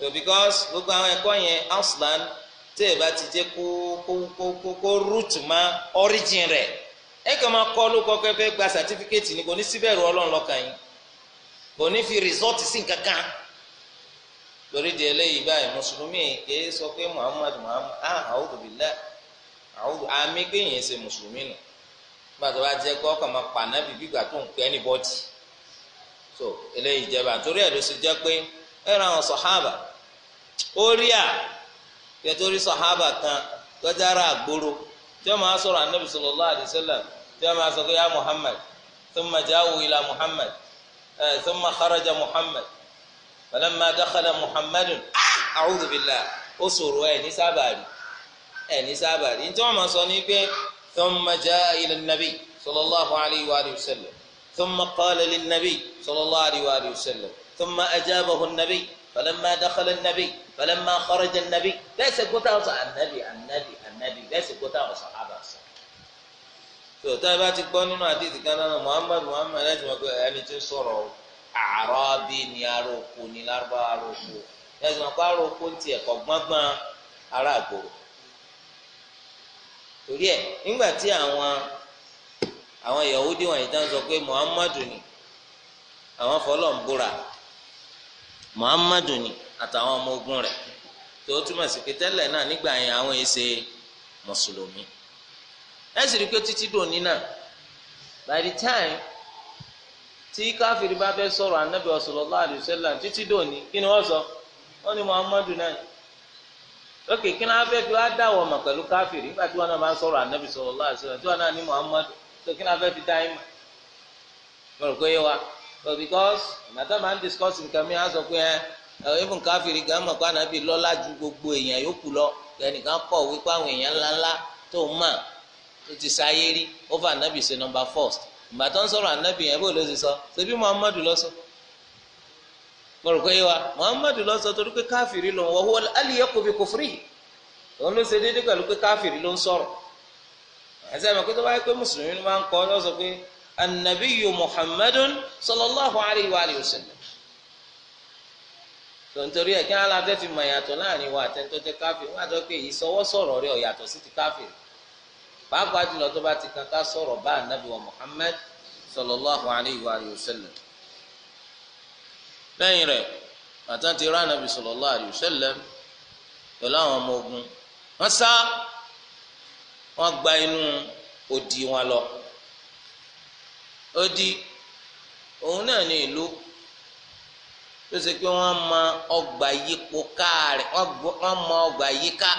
so because gbogbo àwọn ẹ̀kọ́ yẹn ausland tí ẹ bá ti jẹ́ kó kó kó kó root ma origin rẹ̀ ẹ kàn máa kọ́ ló kọ́kọ́ fẹ́ gba certificate ni kò ní síbẹ̀rù ọlọ́run lọ́kàn yín kò ní fi result sí nǹkankan lórí di eléyìí báyìí mùsùlùmí kìí sọ pé muhammad muhammad ah a'udhu billah a'udhu àmì gbẹ̀yìn ṣe mùsùlùmí nù gbàtọ́ bá jẹ́ kọ́ kàn máa pànábì gbígbà tó ń pẹ́ ní bọ́dì so eléyìí jẹba torí ẹ̀ ló ṣe jẹ́ pé ẹ̀rọ àwọn sọ̀hábà ó rí à kẹtọ́rí sọ̀hábà kan tọ́jára àgbòrò tí wọ́n máa sọ̀rọ̀ anabi sallallahu alaihi wasallam tí wọ́n máa sọ pé ya muhammad thumma ja'u ila muhammad thumma kharaja muhammad falamma dakhala muhammadun a'udhu billah ó sọ̀rọ̀ ẹ̀ ní sábàárì ẹ̀ ní sábàárì ní tí wọ́n máa sọ ní pé thumma ja'a ila nabi sallallahu alaihi wa sallam ثم قال للنبي صلى الله عليه وآله وسلم ثم أجابه النبي فلما دخل النبي falamma kharaja nàbí bẹ́ẹ̀ ṣe gbọ́dọ̀ àwọn ànábì ànábì ànábì bẹ́ẹ̀ ṣe gbọ́dọ̀ àwọn sàhábà sọ. tó tá a bá ti gbọ́ nínú àdìsí kan náà muhammad muhammad láti mọ̀ pé ẹni tó sọ̀rọ̀ àrọ́bí ni aróko ni lárúbá aróko láti mọ̀ pé aróko ti ẹ̀kọ́ gbọ́ngbọ́n ará àgbòrò. torí ẹ̀ nígbà tí àwọn àwọn yahudi wọ̀nyí dá sọ pé muhammadu ni àwọn fọlọ́ ń búra muhammadu ni. àtàwọn ọmọ ogun rẹ tó túmọ̀ sí pé tẹ́lẹ̀ náà nígbà yẹn àwọn yìí mùsùlùmí ẹ sì rí i pé títí dòní náà by the time tí káfíìrì bá fẹ́ sọ̀rọ̀ anábì sallallahu alaihi wasallam títí dòní kí ni wọ́n sọ wọ́n ní muhammadu náà ok kí ni wọ́n fẹ́ fi wá dáwọ̀ ọmọ pẹ̀lú káfíìrì nígbà tí wọ́n náà máa ń sọ̀rọ̀ anábì sọ̀rọ̀ alaihi wasallam tí wọ́n náà ní muhammadu ibùn káfíìrì gan mọ̀ pé ànábì lọ́lá ju gbogbo èèyàn yòókù lọ ẹnìkan kọ̀ wípé àwọn èèyàn ńláńlá tó mà tó ti sáyé rí over ànábì ṣe number first ìgbà tó ń sọ̀rọ̀ ànábì yẹn bó ló ṣe sọ ṣebí muhammadu ló sọ mo rò pé wa muhammadu ló sọ torí pé káfíìrì ló ń wọ wọ́n alìyẹ kò fi kò firi òun ló ṣe déédéé pẹ̀lú pé káfíìrì ló ń sọ̀rọ̀ àti àmọ́ tontori ẹ kí wọn la fẹ́ fi mọ̀ yàtọ̀ láàrin wa àtẹnudọ jẹ káfíìn wọn àti pé ìsọwọ́sọ̀rọ̀ rẹ̀ ọ̀yàtọ̀ sí ti káfíìn pàápàá jùlọ tó bá ti kankan sọ̀rọ̀ bá anabi wa muhammed sallallahu alayhi wa sallam lẹ́yìn rẹ̀ àtàn ti rán anabi sallallahu alayhi wa sallam pẹ̀lú àwọn ọmọ ogun wọn sá wọn gba inú odi wọn lọ odi òun náà ní ìlú ló ṣe pé wọ́n mọ ọgbà yípo káàrẹ̀ wọ́n mọ ọgbà yíká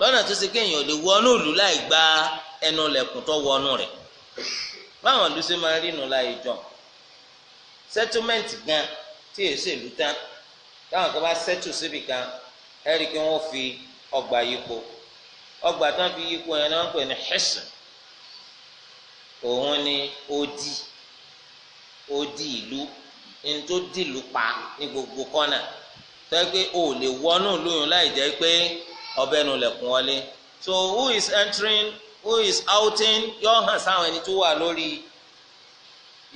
lọ́nà tó ṣe pé èèyàn lè wọnú ìlú láì gba ẹnu lẹ̀kùn tó wọnú rẹ̀ báwọn ìlú ṣe máa ń rìnnà láì jọ sẹ́túmẹ̀ǹtì gan tí èyí ṣèlú tán táwọn kan bá sẹ́tù síbi kan ẹ̀rí kí wọ́n fi ọgbà yípo ọgbà tán fi yípo yẹn ni wọ́n ń pè ní hẹ́sìn òun ni odi odi ìlú ní tó pa ní gbogbo kọ́nà tó yẹ pé o ò lè wọnú lóyún láì jẹ́ pé ọbẹ̀ nu lẹ̀kùn wọlé so who is entering who is outing yóò hàn sáwọn ẹni tó wà lórí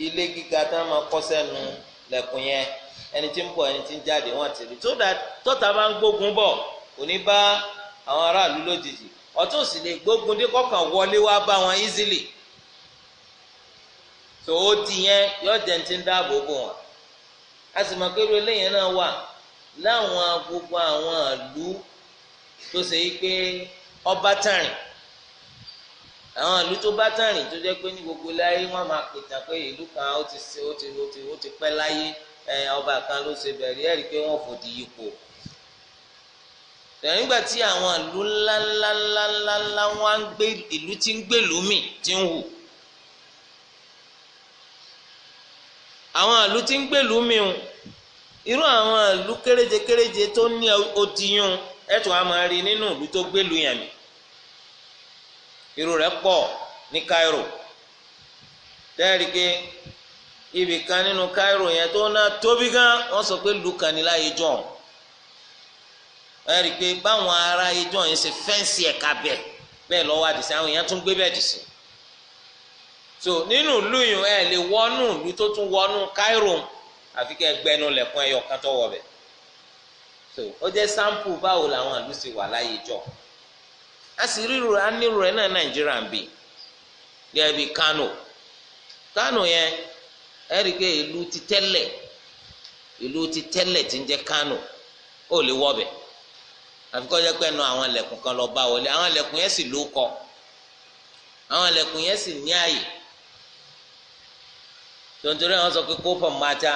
ilé gíga tá a máa kọ́ sẹ́nu lẹ̀kùn yẹn ẹni tí ń bọ̀ ẹni tí ń jáde wọ́n ti rí so that tọ́ta bá ń gbógun bọ̀ kò ní bá àwọn aráàlú lójijì ọtún sì lè gbógun dé kọ́kàn wọlé wá bá wọn easily so ó di yẹn yóò jẹ́ ní ti ń dáàbò bò wọ́n a sì máa pẹ́rù eléyìí náà wà láwọn gbogbo àwọn ìlú tó ṣe yí pé ọba tàrìn àwọn ìlú tó bá tàrìn tó jẹ́ pé ní gbogbo láyé wọ́n máa pètàn pé ìlú kan ó ti ṣe ó ti ó ti ó ti pẹ́ láyé ọba kan ló ṣe bẹ̀rẹ̀ ẹ̀rí pé wọ́n fòdì yípo tẹ̀yìn gbà tí àwọn ìlú ńláńláńláńlá wọ́n á gbé ìlú tí ń gbèlú mì tí ń hù. àwọn àlú tí ń gbèlú mìíràn irú àwọn àlú kéréje kéréje tó ní otiyún ẹ̀tún a máa rí nínú ìlú tó gbèlú yẹn mi rẹ̀ pọ̀ ní Cairo tẹ́ẹ̀rí pé ibì kan nínú Cairo yẹn tó ná tóbi gan wọ́n sọ pé lù ní pé báwọn ará ijọ́ yẹn ṣe fẹ́ǹsì ẹ̀ka bẹ̀ so nínú ìlú yìí ẹ lè wọnú ìlú tó tún wọnú Cairo àfi kẹ gbẹnu lẹ̀kùn ẹyọ kan tọwọ bẹ so ó jẹ sampo báwo làwọn ìlú ṣe wà láyé jọ a sì ríru a níru rẹ náà Nàìjíríà ń bì gẹ́gẹ́ bí Kano Kano yẹn erike ilu ìlú ti tẹ́lẹ̀ ìlú ti tẹ́lẹ̀ ti ń jẹ́ Kano ó lè wọ́ bẹ̀ àfi kọ́ jẹ́ pé ẹnu àwọn ẹlẹ́kùn kan lọ bá wọlé àwọn ẹlẹ́kùn yẹn sì ló àwọn ẹlẹ́kùn yẹn sì ní àyè tontori wọn sọ pé kófọ̀n mata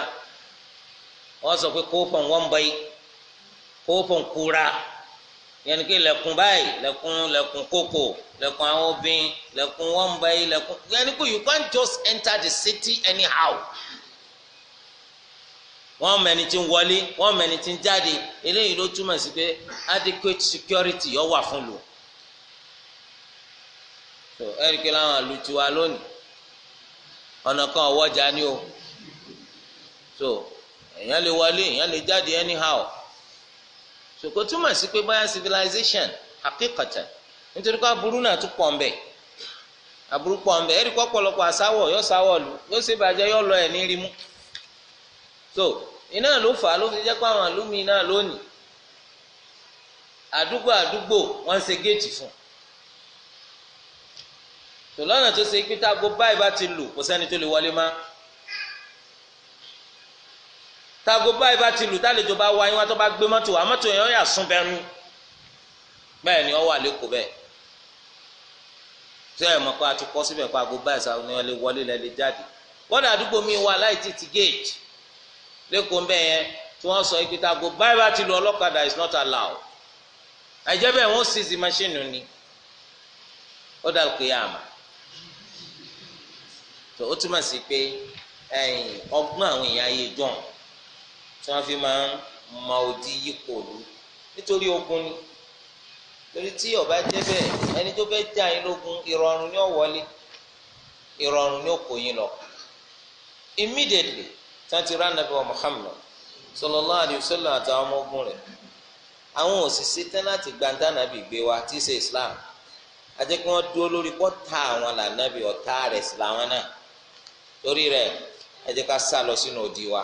wọn sọ pé kófọ̀n wọ́nbẹ́yì kófọ̀n kura yẹnni pé lẹ̀kùn báyìí lẹ̀kùn lẹ̀kùn kókò lẹ̀kùn àwọn obìnrin lẹ̀kùn wọ́nbẹ́yì lẹ̀kùn yẹnni pé you can't just enter the city anyhow wọ́n mẹ́ni tí ń wọlé wọ́n mẹ́ni tí ń jáde eléyìí ló túmọ̀ sí pé adequate security yọ wà fún lò. ẹ̀ríkì láwọn àlùtù wa lónìí ọ̀nà kan ọ̀wọ́jà ni o so èèyàn lè wọlé èèyàn lè jáde anyhow so kò túmọ̀ sí pé báyà civilization àkíkọ̀tà nítorí pé aburú náà tún pọ̀ nbẹ̀ aburú pọ̀ ẹ̀rí kọ́ pọ̀lọpọ̀ àsáwọ̀ sáwọ̀ lu so iná ló fà á ló fi jẹ́ pé àwọn àlùmí náà lónìí àdúgbò àdúgbò wọ́n tò lọ́nà tó ṣe pé táago báyìí bá ti lù kò sẹ́ni tó lè wọlé má táago báyìí bá ti lù tálejò bá wá iwájú bá gbé mọ́tò wá mọ́tò yẹn ó yà sún bẹ́nu bẹ́ẹ̀ ni ó wà lẹ́kọ̀ọ́ bẹ́ẹ̀ tí ẹ̀ mọ̀ pé a ti kọ́ síbẹ̀ pé aago báyìí sáà ni wọ́n lè wọlé lẹ́lẹ́ jáde wọ́n àdúgbò mi wà láì tí ti géèjì lẹ́kọ̀ọ́ bẹ́ẹ̀ yẹn tí wọ́n sọ pé táago báyìí bá ti lù ọlọ́kadà is not allowed àìjẹ́ bẹ́ẹ̀ wọ́n ṣì ṣì tó ó túmọ̀ sí pé ọgbọ́n àwọn èèyàn ayé jọ̀hún tí wọ́n fi máa ń mọ odi yípo òlu nítorí ogun ni torí tí ọba jẹ́ bẹ́ẹ̀ ẹni tó fẹ́ jà yín lógun ìrọ̀rùn ni ó wọlé ìrọ̀rùn ni ó kó yín lọ immediately tí wọ́n ti rán nàbẹ wa Muhammad sallallahu alayhi wa sallam àtàwọn ọmọ ogun rẹ̀ àwọn òṣìṣẹ́ tán láti gbàǹdà nàbì gbé wa tí í ṣe Islam àti kí wọ́n dúró lórí pọ́tà àwọn làǹdàbì ọ̀tá rẹ̀ sí làwọn náà torí rẹ̀ ẹ jẹ́ ká sá lọ sínú òdì wa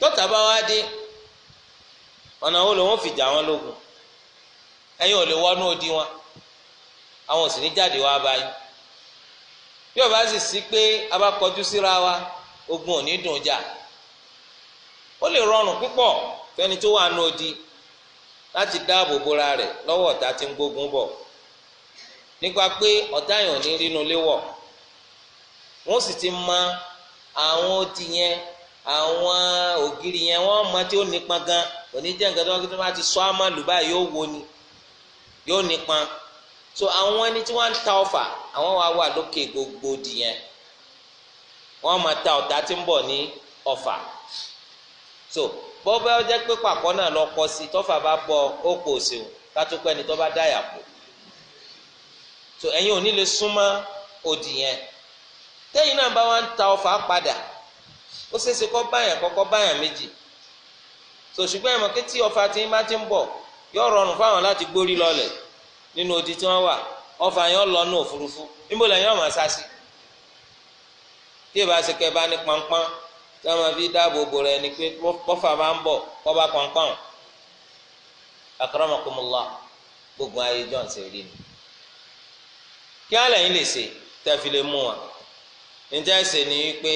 tọ́tà bá wá dé ọ̀nà wo lòun fi jà wọn lógun ẹ̀yin ò lè wọnú òdì wọn àwọn ò sì ní jáde wá báyìí bí ọba sì sí pé a bá kọjú síra wa ogun ò ní dùn jà ó lè rọrùn púpọ̀ fẹ́ni tó wà nú odi láti dáàbò bora rẹ̀ lọ́wọ́ ọ̀tá tí ń gbógun bọ̀ nípa pé ọ̀tá yìí ò ní rínú léwọ̀ wọ́n sì ti mọ àwọn odi yẹn àwọn ògiri yẹn wọ́n mọ tí ó nípa gan oníjẹ́ nǹkan tó wọ́n bá ti sọ àmọ́ lùbá yóò wo ni yóò nípa so àwọn ẹni tí wọ́n ń ta ọfà àwọn wa wà lókè gbogbo odi yẹn wọ́n máa ta ọ̀tá tí ń bọ̀ ní ọfà so bọ́bá ọjọ́ pé pàkọ́ náà lọ kọ sí tọ́fà bá bọ ó pò sèwọ̀n kátópẹ́ ni tó bá dáyà pò so ẹ̀yin ò ní lè súnmọ́ odi yẹn tẹ́yìn náà bá wọn ta ọfà padà ó ṣeéṣe kọ́ báyàn kọ́kọ́ báyàn méjì so ṣùgbọ́n ìmọ̀ kí tí ọfà tí bá ti ń bọ̀ yóò rọrùn fáwọn láti gbórí lọlẹ̀ nínú odi tí wọ́n wà ọfà yẹn lọ ní òfurufú níbo lẹ́yìn ọ̀mọ̀ sásì tí ìbá ṣe kẹ́ bá ní pọnpọ́n tí wọ́n fi dáàbò bò rẹ̀ ni pé kọ́fà bá ń bọ̀ kọ́ bá pọnpọ́n akramakumullah gbogbo ayé John ṣe rí ni kí á lẹ́yìn lè ṣe tẹ́ fi lè mú wọn. níta ẹsẹ ni wípé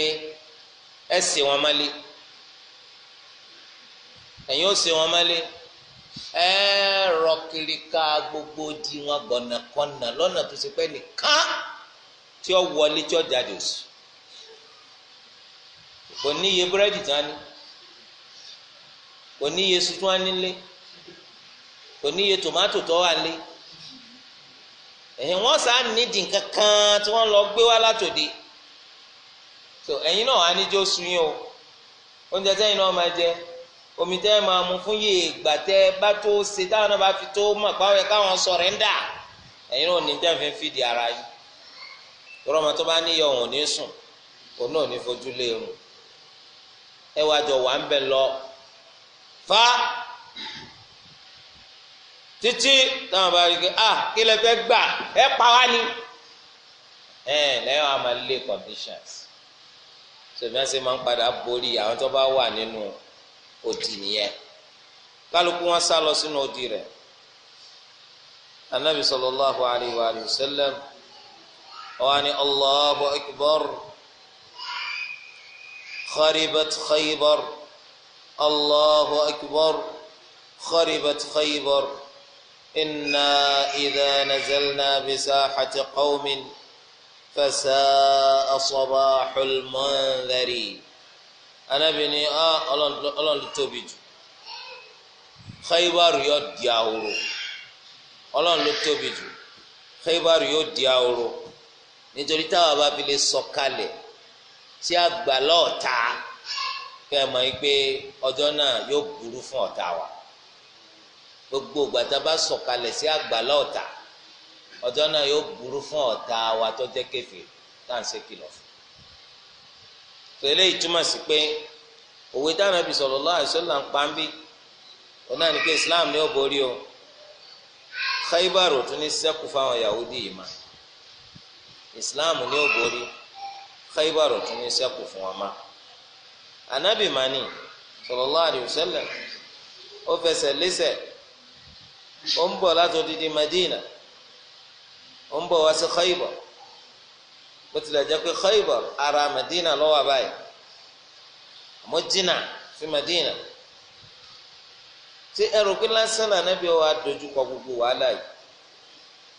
ẹsẹ wọn mali ẹyin ó ṣe wọn mali ẹ rọ kiri ká gbogbo di wọn gbọnàkọnà lọ́nà tó ṣe pé nìkan tí ó wọlé tí ó jáde oṣù kò ní iye búrẹ́dì tán ni kò ní iye sutún á nílé kò ní iye tòmátò tó wà lé ẹ̀yìn wọ́n sá nídìí kankan tí wọ́n lọ gbé wá látòde. so ẹ̀yin náà aníjó suyín o oúnjẹ tẹ́yin náà máa jẹ omi tẹ máa mu fún yìí ìgbà bá tó ṣe táwọn náà bá fi tó mọ̀ pàwọ́ yẹ káwọn sọ̀rẹ́ńdà ẹ̀yin náà ní fìdí ara yìí ọmọ tó bá níyọ òun ní sùn òun náà ní fojú e wá jọ wà ń bẹ lọ fa títí táwọn kí lè ẹ pa wá ni ẹ conditions. sèmíàsè máa ń padà borí àwọn tó bá wà nínú odi nìyẹn kálukú wọn sá lọ sínú odi rẹ̀ anabi sallallahu alayhi wa sallam wọ́n ní allahu akbar kharibat khaybar allahu akbar kharibat khaybar inna idha nazalna bi saaxati qawmin. فساء صباح المنذرين anabi ni ah ọlọ́run ló tóbi jù khaybar yóò di ahoro ọlọ́run ló tóbi jù khaybar yóò di ahoro nítorí táwa bá fi lè sọ̀kalẹ̀ tí àgbàlá ọ̀tá kẹ́ ẹ̀ mọ̀ yín pé ọjọ́ náà yóò burú fún ọ̀tá wa gbogbo ìgbà tá bá sọ̀kalẹ̀ sí àgbàlá ọ̀tá ọjọ́ náà yóò burú fún ọ̀tá wa tó jẹ́ kèfèrí tá à ń ṣe kìlọ̀ fún sí pé òwe táwọn ẹbí sallallahu alaihi ń náà ní Islam ní o tún ní fáwọn Yahudi yìí Islamu Islam ní òbórí Khaybar ní fún anabi mani ó fẹsẹ̀ lẹ́sẹ̀ ó Madina. ó ń bọ̀ wá sí Khaybar bó tilẹ̀ jẹ́ pé Khaybar ara Madina lọ́wọ́ báyìí àmọ́ jìnnà sí Madina tí ẹrù pé lásán náà nàbí ọ wa dojú kọ gbogbo wàhálà yìí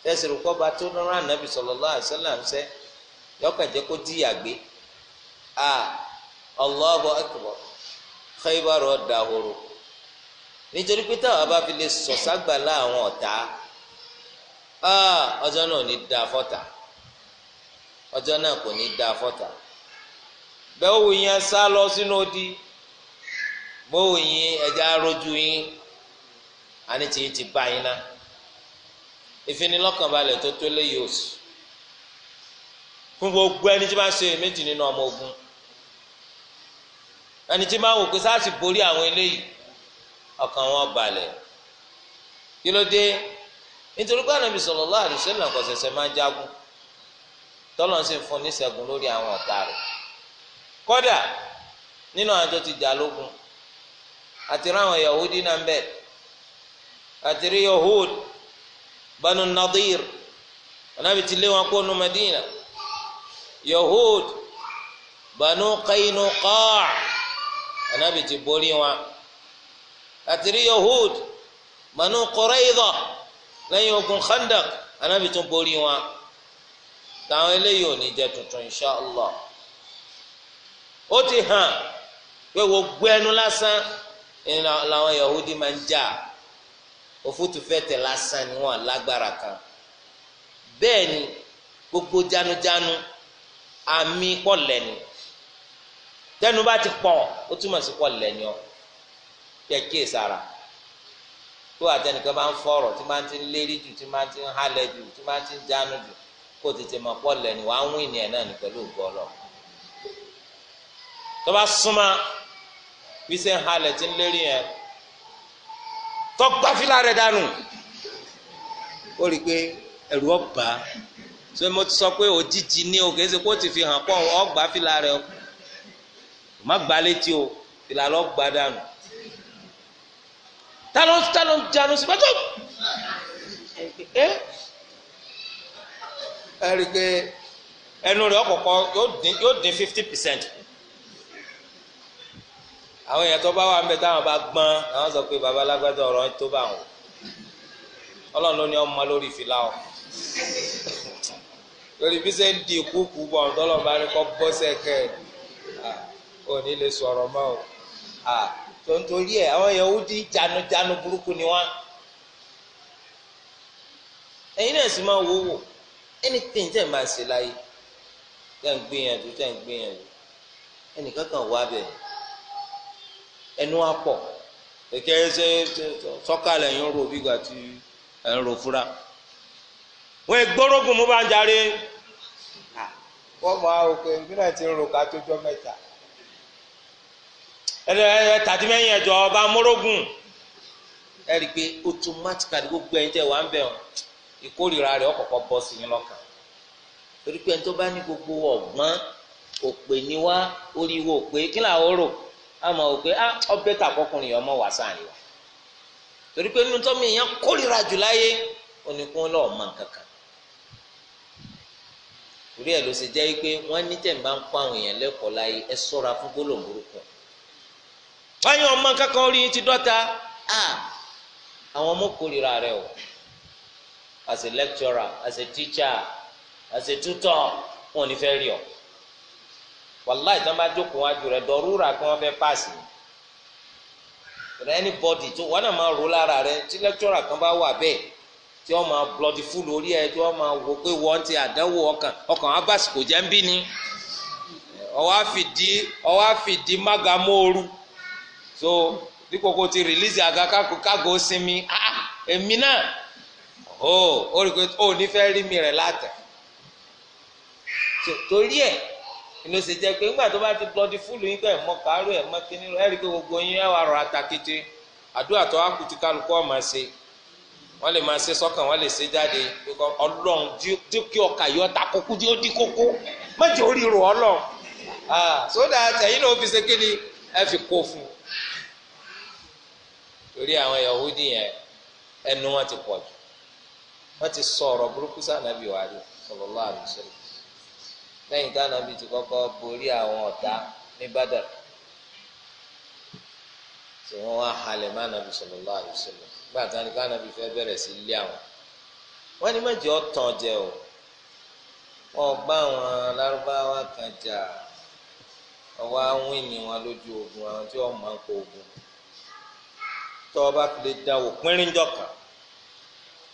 tẹsí rúkọ bá tó rán nàbí sallallahu alaihi wasallam ṣe yọkàn jẹ́ kó díyà gbé a Allahu akbar Khaybar ọ̀dà horo nítorí pé táwa bá fi lè sọ̀ ságbàlá ọ̀tá. Ah, ọjọ́ náà ní da fọ́tà ọjọ́ náà kò ní da fọ́tà bẹ́ẹ̀ wò yín sá lọ sínú odi bó wò yín ẹja rojú yín àní tìyín ti bá yín náà ìfinilọ́kànbalẹ̀ tó tó léyìí oṣù fún gbogbo ẹni tí bá ṣe méjì nínú ọmọ ogun ẹni tí máa wò pé sáà sì borí àwọn eléyìí ọkàn wọn balẹ̀ kí ló dé nítorí pé ànábì sallallahu alaihi wasallam kò ṣẹ̀ṣẹ̀ máa jagun tọ́lọ́ sì ń fún níṣẹ́gun lórí àwọn ọ̀tá rẹ̀ kódà nínú àwọn tó ti jà lógun àti ráwọn yahudi náà ń bẹ àti rí yahud banu nadir ànábì ti lé wọn kó nu madina yahud banu qainuqa ànábì ti borí wọn àti rí yahud banu qurayza lẹ́yìn ogun khandak anabi tún borí wọn làwọn eléyìí ò ní jẹ tuntun inshàlá ó ti hàn pé gbogbo ẹnu lásán làwọn yahudi máa ń jà òfútùfẹ́tẹ̀ lásán ni wọ́n lágbára kan bẹ́ẹ̀ ni gbogbo janujanu àmì pọ̀ tẹnu bá ti pọ̀ ó túmọ̀ sí pọ̀ ọ yẹ kí èsàrà. E tó àtẹnìkan bá ń fọ̀rọ̀ tí máa ti ń lérí jù tí máa ti ń halẹ̀ jù tí máa ti ń jánu jù kó tètè mọ̀ pọ̀ lẹ́nu wàá ń wìn ní ẹ̀ náà ní pẹ̀lú ògbọ́ lọ. tó bá súnmọ́ bí ṣe ń halẹ̀ tí ń lérí yẹn tó gbá fílà rẹ̀ dànù ó rí i pé ẹ̀rù ọ̀bà so mo ti sọ pé òjijì ní o kìí ṣe kó ti fi hàn pọ̀ ọ̀gbá fílà rẹ̀ o má gbá létí o fìlà lọ́ gbá dànù ta ló ta ló ń janu sí pẹ́tọ́ ẹ ¿Eh? ẹ rí i pé ẹnu rẹ̀ ọ̀kọ̀ọ̀kọ̀ yóò dín fifty percent àwọn èèyàn tó bá wà ńbẹ táwọn bá gbọ́n àwọn sọ pé baba alágbádá ọ̀rọ̀ ń tó bá wọn Ọlọ́run ló ní ọmọ lórí ìfìlà ọ lórí bí sẹ ń di kúkú bọ ọdọọlọ bá ní kọ bọ sẹkẹ ò ní lè sọ̀rọ̀ mọ́ o tó ń torí ẹ̀ àwọn Yahudi janujanu burúkú ni wọ́n ẹ̀yin náà sì máa wò wò anything tẹ̀ máa ṣe láyé tẹ̀ ń gbìyànjú tẹ̀ ń gbìyànjú ẹnìkan kan wà bẹ̀ ẹnu apọ̀ kẹkẹ ṣe sọ̀kalẹ̀ yín ro bí gbà tí ẹ ń ro fúra wọn gbórógùn mú bá ń jarí ah, wọn máa wò pé mí ti ń ro ká tó jọ mẹ́ta ẹ tàbí mẹ́yìn ẹ̀jọ̀ ọba mọ́rọ́gùn ẹ rí i pé automatically gbogbo ẹ̀yin tẹ̀ wá ń bẹ̀ ọ́ ìkórìíra rẹ̀ ọ̀kọ̀ọ̀kọ̀ bọ́ sí yín lọ́kàn torí pé ẹni tó bá ní gbogbo ọ̀gbọ́n òpè ni wá orí wo òpè kí làwọn rò á mọ̀ òpè á ọbẹ̀ tà ọmọ wà sáà ni torí pé nínú tọ́mì yẹn kórìíra jù láyé oníkun lọ́ọ̀ mọ nǹkan kan torí ẹ̀ ló ṣe jẹ́ pé wọ́n ní tẹ̀ ń bá ń pa àwọn èèyàn lẹ́kọ̀ọ́ láyé ẹ sọ́ra fún gbólóhùn burúkú báyọ̀ ọmọ kankan orí yín ti dọ́ta àwọn ọmọ kórìíra rẹ o as a lecturer as a teacher as a tutor wọn ò ní fẹ́ rí ọ wàláì tí wọn bá jókòó wájú rẹ dọrúra kí wọn fẹ́ paasi rẹ anybody tó wọn náà máa ro lára rẹ tí lecturer kan bá wà bẹ́ẹ̀ tí wọn máa blood full orí ẹ tí wọn máa wò pé wọn ti àdánwò ọkàn ọkàn abásìkò jẹ́ ń bí ni ọwọ́ àfìdí ọwọ́ àfìdí mágàmóoru so dípò ti release àga kágo sinmi ah, ah èmi o rí i pé o ní fẹ́ rí mi rẹ̀ látẹ̀ torí ẹ̀ inú sì jẹ́ pé nígbà tó bá ti bloody fúlù yín pé mọ́ kàárò ẹ̀ mọ́ kíní ẹ̀ rí pé gbogbo yín ẹ̀ wà rọ̀ àtàkété àdúrà tó kálukú ṣe wọ́n lè máa ṣe sọ́kàn wọ́n lè ṣe jáde ọlọ́run ọkà yọ ta kókó ó kókó orí rò ọlọ́run ah, ẹ̀yin náà ó fi ṣe ẹ fi kó fún un torí àwọn yahudi yẹn ẹnu wọn ti pọ̀ jù wọ́n ti sọ ọ̀rọ̀ burúkú sànàbí wa ti kọ́kọ́ borí àwọn ọ̀tá ní Badr tí wọ́n wá halẹ̀ má nàbí sallallahu alaihi gbà tani kànàbí fẹ́ bẹ̀rẹ̀ sí lé àwọn wọ́n jẹ o wọ́n bá àwọn kan jà lójú ogun àwọn tí ogun. tọ́ ọ bá fi lè dán wò pínrín jọ̀kan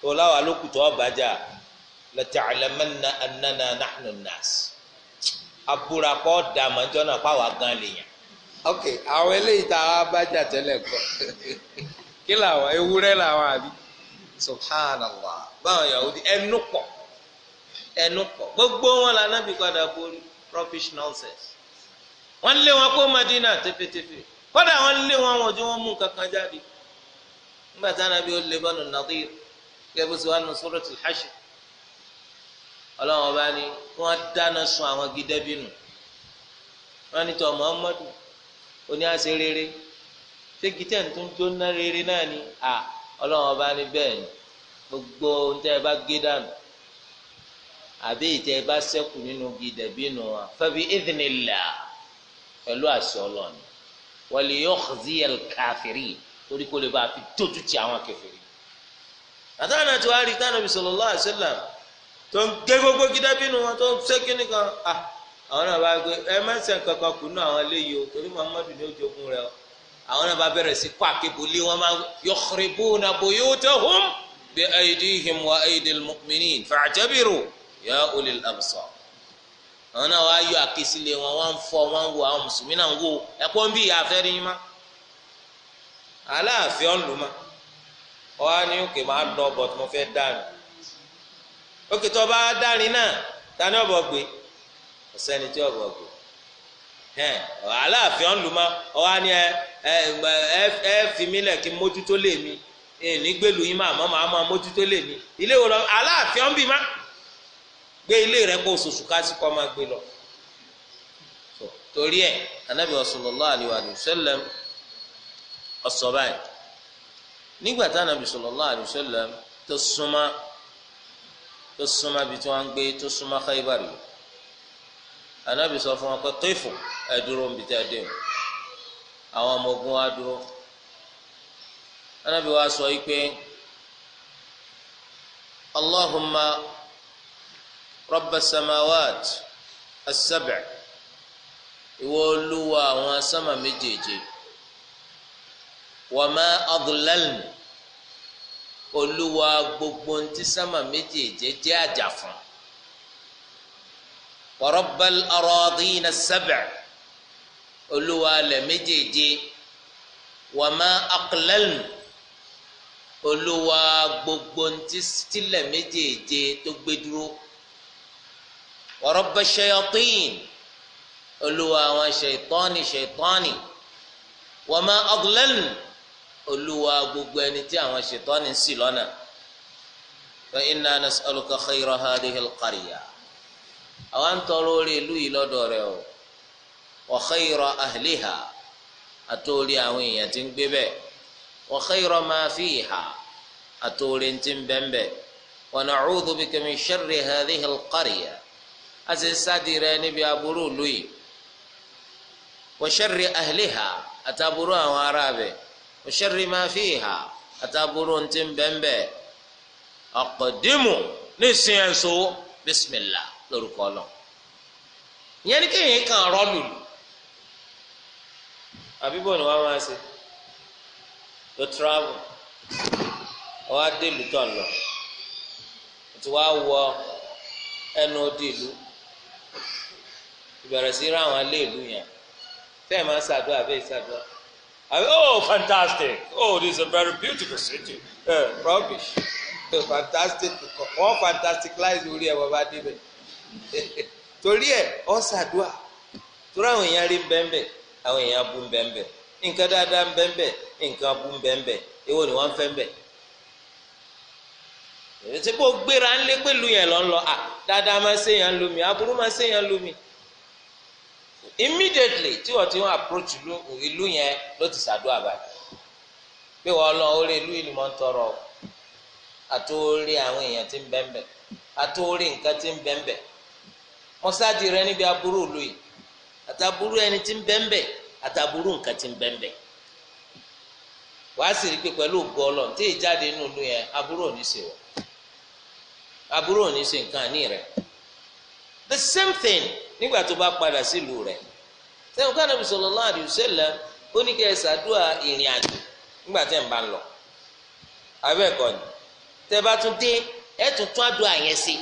tó láwa ló kù tó ọ bàjá lata'lamanna annana nahnu an-nas aburakọ dàmọ́jọ́ náà pàwọ́ gan lèèyàn. ok àwọn eléyìí tá a bàjá tẹ́lẹ̀ kọ́ kí làwọn ewúrẹ́ làwọn àbí subhanallah báwọn yahudi ẹnu pọ̀ ẹnu pọ̀ gbogbo wọn la nábì padà borí rubbish nonsense wọ́n lé wọn kó madina tẹfẹtẹfẹ kódà wọ́n lé wọn wọn ju wọn mú kankan jáde nígbà tí anabi ó lé bọ́ọ̀nù nàdír kẹ́bí sọ wọn suratul hashr ọlọ́run ọba ni wọ́n dáná sun àwọn gidẹ́bí nù wọ́n ní tọ́ Muhammadu oní àṣẹ rere ṣé gidẹ́ tó ń jóná rere náà ni à ọlọ́run ọba ni bẹ́ẹ̀ ni gbogbo ohun tẹ́ ẹ bá gé dànù àbí ìtẹ́ ẹ bá sẹ́kù nínú gidẹ́bí nù wa fabi idhnillah pẹ̀lú àṣẹ ọlọ́run wal yukhziyal kafirin torí kó lè bá a fi dójú ti àwọn kèfèrí àtàwọn àti wàá rí tánàbí sallallahu alaihi wasallam tó ń gé gbogbo gidá bínú wọn tó ń ṣe kíní kan à àwọn náà bá gbé ẹ mẹsàn kankan kù náà àwọn eléyìí o torí muhammadu ní ojogun rẹ o àwọn náà bá bẹ̀rẹ̀ sí kó àkébólé wọn máa yukhribuna buyutahum bi aydihim wa aydil mu'minin fa'tabiru ya ulil absar àwọn náà wàá yọ àkésílẹ̀ wọn wọn fọ wọn wo àwọn mùsùlùmí náà wo ẹ̀kọ́ ń bí ìyá afẹ́rí yín máa. aláàfin ọ̀nlùmọ́ ọ̀há ni òkè máa lọ bọ̀ tí mo fẹ́ tó bá dárin náà ta ni gbé ọ̀sẹ́ni tí ọ̀bọ̀ gbé aláàfin ọ̀nlùmọ́ ni ẹ fi mí kí mójútó lè mi nígbèlú yín máa mọ́ máa máa mójútó lè mi ilé wo lọ aláàfin ọ̀nbí má gbé ilé rẹ kó oṣooṣù máa gbé lọ torí ẹ anábìyàn ọsọ báyìí nígbà tí anabi sallallahu alaihi wasallam tó súnmọ́ tó súnmọ́ bí tí wọn ń gbé tó súnmọ́ Khaybar yìí anabi sọ fún wọn pé kéfù ẹ dúró níbi tí a dé o àwọn ọmọ ogun wa dúró anabi wa sọ yìí pé allahumma rabba samawat as ìwọ olúwa àwọn sámà méjèèjì wàmà ọdúnlẹ́lìn olúwa gbogbo ntí sámà méjèèjì jẹ́ àjà fún wọ́rọ́bẹ́l ọ̀rọ̀ ọ̀dín sẹ́bẹ̀ olúwa lẹ̀ méjèèjì wàmà ọ̀kúlẹ́lìn olúwa gbogbo ntí tilẹ̀ méjèèjì tó gbé dúró wọ́rọ́bẹ́ ṣẹ́yọ́tìn olúwa àwọn ṣètọ́ni ṣètọ́ni wàmà ọ̀kúlẹ́lìn olúwa gbogbo ẹni tí àwọn ṣètọ́ni ṣì lọ́nà fa inna nas'aluka khayra hadhihi alqarya àwa ń tọrọ orí ìlú yìí lọ́dọ̀ rẹ o wa khayra ahliha àtòrí àwọn èèyàn tí ń gbé bẹ́ẹ̀ wa khayra ma fiha àtòrí tí ń bẹ́ẹ̀ wa na'udhu bika min sharri hadhihi alqarya a sì ń sáàdì rẹ níbi aburú ìlú yìí wa sharri àtàbúrú àwọn ará wa sharri ma fiha àtàbúrò ń ti bẹ́ẹ̀nbẹ́ ọ̀kọ̀dìmù ní ìsìn ẹ̀sọ́ bísímìlà lórúkọ lọ. ìyẹn ní kéèyàn kan rọ́ọ̀lù àbíbò ni wọ́n máa ṣe tó travel ọwọ́ adé ìlú tó lọ tí wọ́n á wọ ẹnu odi ìlú ìbẹ̀rẹ̀ sí ra àwọn alé ìlú yẹn tẹ́ẹ̀ máa ṣàdúrà bẹ́ẹ̀ ṣàdúrà. I, oh, fantastic. Oh, this is a very beautiful city. Uh, rubbish. fantastic. Wọ́n fantasticize orí ẹ̀ bàbá débẹ̀. Torí ẹ̀ ọ́ ṣàdúà. Torí àwọn èèyàn rí bẹ́ẹ̀nbẹ́, àwọn èèyàn bú bẹ́ẹ̀nbẹ́. Nǹkan dáadáa bẹ́ẹ̀nbẹ́, nǹkan bú bẹ́ẹ̀nbẹ́. Èwo ni wọ́n fẹ́ bẹ̀? Èyí tí kò gbéra ńlé pẹ̀lú yẹn lọ́nlọ́. Dáadáa máa ṣe yẹn lómi, aburú máa ṣe yẹn lómi. immediately tí wọ́n ti wọ́n approach ìlú yẹn ló ti ṣàdúrà báyìí pé wọ́n lọ orí ìlú ìlú mọ́ ń tọrọ àtòórí àwọn èèyàn tí ń bẹ́ńbẹ́ àtòórí nǹkan tí ń bẹ́ńbẹ́ mọ́sáàdì rẹ níbi aburú ìlú yìí àtàbúrú ẹni tí ń bẹ́ńbẹ́ àtàbúrú nǹkan tí ń bẹ́ńbẹ́ wàá sì rí pé pẹ̀lú ọlọ́run tí ìjáde inú ìlú yẹn the same thing nígbà tó bá padà sílùú rẹ̀ sẹ́wọ̀n ká nàbì sallallahu alaihi wasallam ó ní kẹ́ ẹ ṣàdúrà ìrìn àjò nígbà tẹ́ ń bá ń lọ abẹ́ẹ̀kọ́ ni tẹ́ bá tún dé ẹ tún tún àdúrà yẹn sí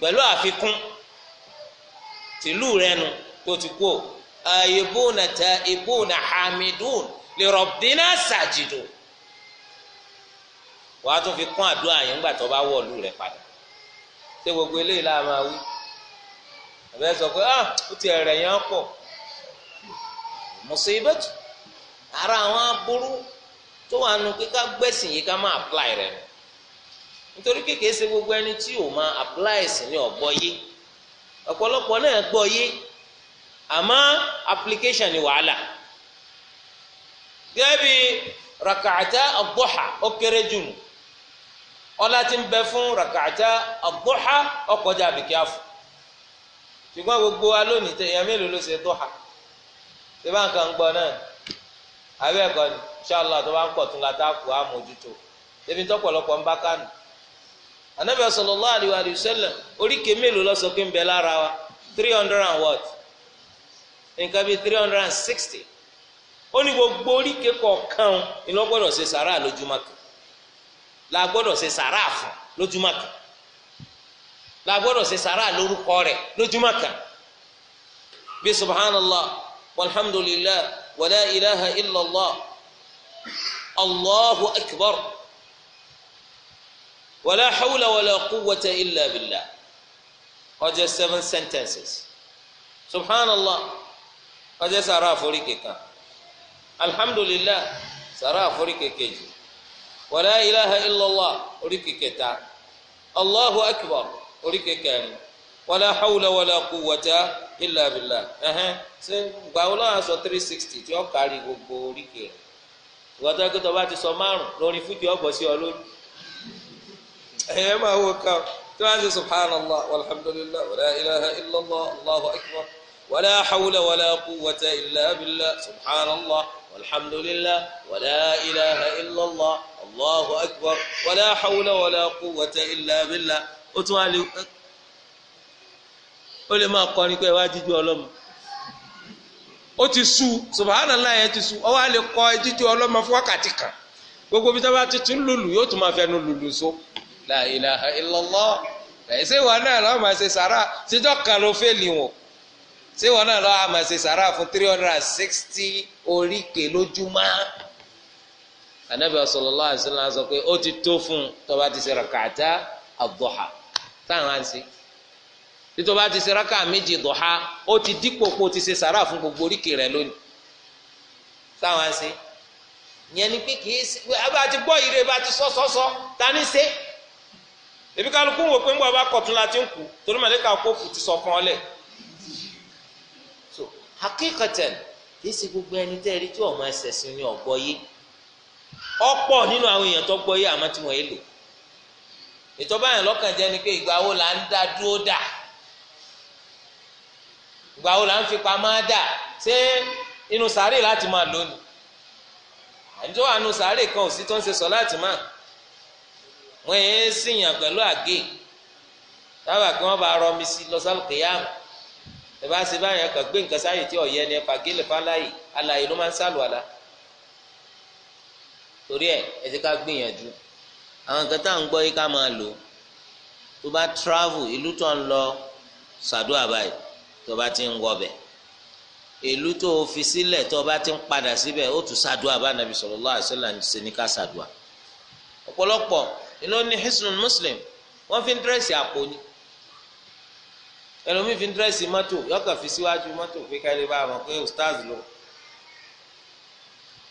pẹ̀lú àfikún tìlú rẹ nu tó ti kú o ayébóna ta ebóna hamidun li rabbina sajidun wàá tún fi kún àdúrà yẹn nígbà tó bá wọ̀ọ́lù rẹ̀ padà ṣé gbogbo eléyìí la máa àbẹ́ sọ pé ah ó ti ẹ̀rẹ̀ yẹn pọ̀ mùsíbàtù ara àwọn aburú tó wà nù pé ká gbẹ̀sìn yìí ká máa apply rẹ̀ nítorí kékeré gbogbo ẹni tí ò máa apply sí ni ọ̀gbọ́ yé ọ̀pọ̀lọpọ̀ náà gbọ́ yé àmọ́ application ni wàhálà gẹ́gẹ́ bí rakata ad ó kéré jù ọlá ti ń bẹ ṣùgbọ́n gbogbo wa tẹ èèyàn mélòó ló ṣe ha ṣé bá nǹkan gbọ́ náà àbẹ́ ẹ̀kọ́ ni ṣáàlá tó bá ń pọ̀ tún látà kù á mójútó ebi tọ́pọ̀lọpọ̀ ń bá three hundred and what nǹkan bíi three hundred and sixty ó ní gbogbo orike kọ̀ọ̀kan kan la ṣe sàrà fún la gbọ́dọ̀ ṣe sàrà lórúkọ rẹ̀ lójúmọ́ kan bí subhanallah walhamdulillah wàlá ilaha illallah allahu akbar wàlá hawla wàlá quwwata illa billah ọjọ́ seven sentences subhanallah ọjọ́ sàrà àforí kẹkàn alhamdulillah sàrà àforí kẹkẹjì wàlá ilaha illallah orí kẹkẹta allahu akbar. oríkè kẹrin wala hawla wala quwwata illa billah ẹ̀hẹ́n ṣé gbàwó náà sọ three sixty tí ó kárí gbogbo oríkè rẹ̀ ìwọ́n tó ẹgbẹ́ tó bá ti sọ márùn lórí fújì to sí ọ lónìí ẹ̀yẹ́ máa wò ká tí wọ́n á ṣe subhanallah walhamdulillah wala ilaha illallah allahu akbar wala hawla wala quwwata illa billah subhanallah والحمد لله ولا إله إلا الله الله أكبر ولا حول ولا قوة إلا بالله ó tún wá maa ó lè máa kọrin pé wá jíjú ọlọ́mọ ó ti sú yẹn ti sú ọ wá lè kọ jíjú ọlọ́mọ fún wákàtí kan gbogbo bí sábà tuntun lulu, yóò tún máa fẹnu lulu so la ilaha illallah ṣé ìwọ náà lọ́ọ́ máa ṣe sàrà síjọ́ kan ló fẹ́ẹ̀lì wọn ṣé ìwọ náà lọ́ọ́ máa ṣe sàrà fún three hundred and sixty oríkè lójúmọ́ anabi pé ó ti tó fún ti táwọn á ṣe títí o bá ti ṣe rákà méjì dọ̀ha ó ti dípò pé o ti ṣe sàrà fún gbogbo oríkè rẹ lónìí táwọn á ṣe yẹn ni pé kì í bá ti gbọ́ ire bá ti sọ́sọ́sọ́ ta ní ṣe ebi kálukú wò pé ń bọ̀ kọ̀tún ti ń kú torí màlẹ́kà kó ti sọ so kì í gbogbo ẹni tẹ́ ẹ rí tí ọmọ ẹsẹ̀ sí ni ọ̀gbọ́ yé ọ̀pọ̀ nínú àwọn èèyàn tó gbọ́ yé àmọ́ tí wọ́n yé lò ìtọ́ba yẹn lọ́kàn jẹ́ ni pé ìgbà wo là ń dá dúró dà ìgbà wo là ń fi pamọ́ dà ṣé inú sàárè láti máa lò ní àjọ àánú sàárè kan ò sí tó ń ṣe sọ láti máa wọn yẹn sìyàn pẹ̀lú àgé táwa kí wọ́n bá rọmi sí lọ́sàlùkìyàmù ẹ bá ṣe báyẹn kàn gbé nǹkan sáyè tí ọ̀yẹ́ ni ẹ fàgé lè fáláyè alàyè ló máa ń sálù torí ẹ ẹ ti ká gbìyànjú àwọn kan tá à ń gbọ́ yìí ká máa lò tó bá travel ìlú tó ń lọ ṣàdúrà báyìí tó bá ti ń wọbẹ̀ ìlú tó fi sílẹ̀ tó bá ti ń padà síbẹ̀ ó tún ṣàdúrà bá nàbì sallallahu alaihi wasallam ṣe ní ká ṣàdúrà ọ̀pọ̀lọpọ̀ ìlú ní hisnul muslim wọ́n fi ń dírẹ́sì àpò ni ẹlòmíì fi ń dírẹ́sì mọ́tò yọkàn fi síwájú mọ́tò pé káyọ̀ bá wọn pé ustaz lò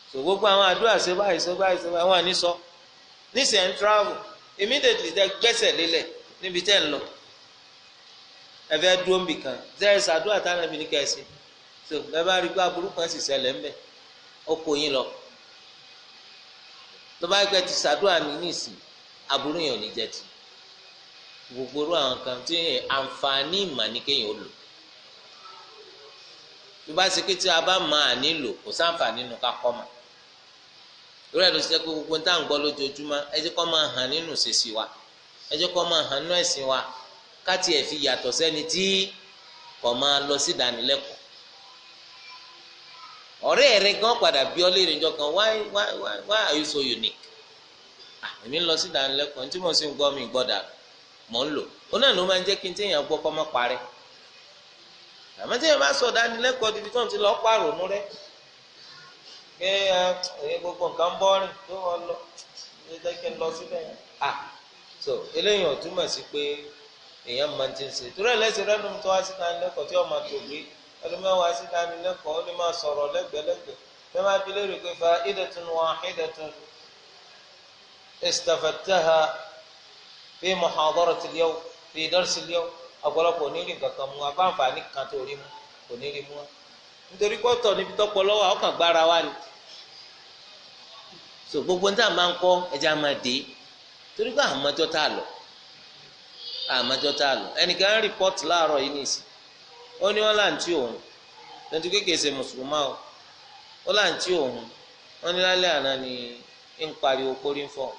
so gbogbo àwọn àdúrà ṣe báyìí ṣe báyìí ṣe báyìí wọn à ní sọ. So nísìnyẹ ń travel immediately dẹ gbẹ́sẹ̀ lélẹ̀ níbi tẹ́ ń lọ ẹ fẹ́ dúró ń bì kan zẹ́ẹ̀ sàdúrà táwọn ẹbí ní kẹ́sì So bẹ́ẹ̀ bá rí i pé aburú kan sì ṣẹlẹ̀ ńbẹ̀ ó kó yín lọ tó bá gbẹ ti sàdúrà ní nísìn aburú yẹn ò ní jẹ ti gbogbo irú àwọn kan tí àǹfààní ìmọ̀ ní kéèyàn ó lò tó bá ṣe pé tí a bá máa nílò kò sáǹfààní nù ká kọ́ máa. lórí ẹ̀ ló ti jẹ́ pé gbogbo táwọn gbọ́ lójoojúmọ́ ẹ jẹ́ máa hàn nínú ṣèṣì wa ẹ jẹ́ kó máa hàn nínú ẹ̀sìn wa káti ẹ̀ fi yàtọ̀ sẹ́ni tí kò máa lọ sí ìdánilẹ́kọ̀ọ́ ọ̀rẹ́ gan padà bí kan why why why are you so unique ah èmi ń lọ sí ìdánilẹ́kọ̀ọ́ tí mo sì ń gbọ́ mi gbọ́dà mọ̀ ń lò ó náà ló máa ń jẹ́ kí n gbọ́ kọ́ parẹ́ àmọ́ ké ẹ gbogbo nǹkan bọ́ rìn tó wọ́n lọ so eléyìí ò túmọ̀ sí pé èèyàn máa ti ń ṣe ẹlẹ́sìn rẹ ló wá sí ìdánilẹ́kọ̀ọ́ tí ọmọ tògbé ẹlòmíràn wá sí ó lè máa sọ̀rọ̀ máa fi pé fa fi mu kan tó rí mu mu wa nítorí pọ́tọ̀ níbi tọ́pọ̀ so gbogbo níta máa ń kọ́ ẹja máa dé torí pé àmọ́jọ́ tá a lọ àmọ́jọ́ tá a lọ ẹnìkan ń rìpọ́tì láàárọ̀ yìí nìsí ó ní wọ́n láǹtí òun lẹ́tí kéèké ṣe mùsùlùmá o ó láǹtí òun wọ́n ní lálẹ́ àná ni ń pariwo pórí ń fọ̀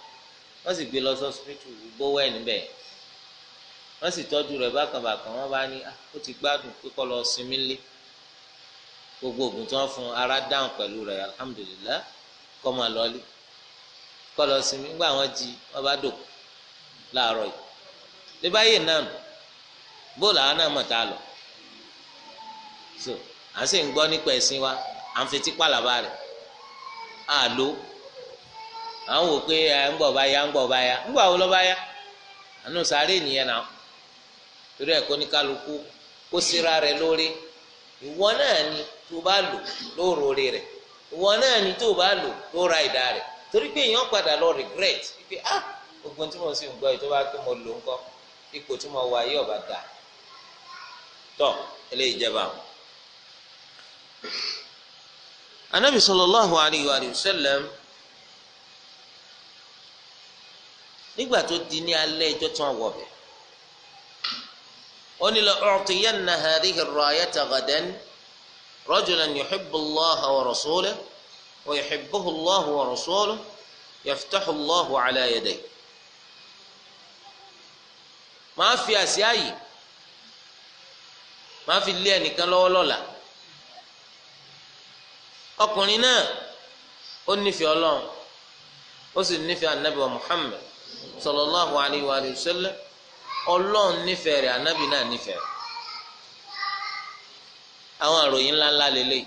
wọ́n sì gbé lọ sọ́sìpítù gbówó ẹ̀ níbẹ̀ wọ́n sì tọ́jú rẹ̀ bákanbàkan wọ́n bá ní ah, ó ti gbádùn pé lọ sinmi lé gbogbo oògùn tí wọ́n fún ara dáhùn pẹ̀lú rẹ̀ alhamdulillah kó máa lọ lé kọ́ lọ sinmi wọn jí wọn bá dò láàárọ̀ yìí lè báyìí náà bóòlù a lọ so à ń sì ń gbọ́ nípa ẹ̀sìn wa à ń fetí pàlàbà rẹ̀ à ló à ń wò pé ẹ ya ń bọ̀ bá ya ń bọ̀ àwọn lọ́ba ya àánú sáré nìyẹn náà torí ní kálukú kó síra rẹ̀ lórí ìwọ náà torí pé èèyàn padà lọ regret pé ah gbogbo tí mo sì ń gbọ́ yìí tó bá pé mo lò ń kọ́ ipò tí mo wà yìí ọ̀bà dà tọ́ eléyìí jẹba àwọn. anabi sallallahu alayhi wa sallam nígbà tó di ní alẹ́ ẹjọ́ tí wọ́n wọ̀ bẹ̀ ó ní la u'tiyanna hadhihi ar-rayata ghadan rajulan yuhibbu Allaha wa rasulahu. ويحبه الله ورسوله يفتح الله على يديه màá fi àsíá yìí màá fi lé ẹnìkan lọ́wọ́ lọ́la ọkùnrin náà ó nífẹ̀ẹ́ ọlọ́run ó sì nífẹ̀ẹ́ anabi wa muhammed sallallahu alayhi wa sallam ọlọ́run nífẹ̀ẹ́ rẹ̀ anabi náà nífẹ̀ẹ́ àwọn àròyìn ńláńlá lélẹ́yìí.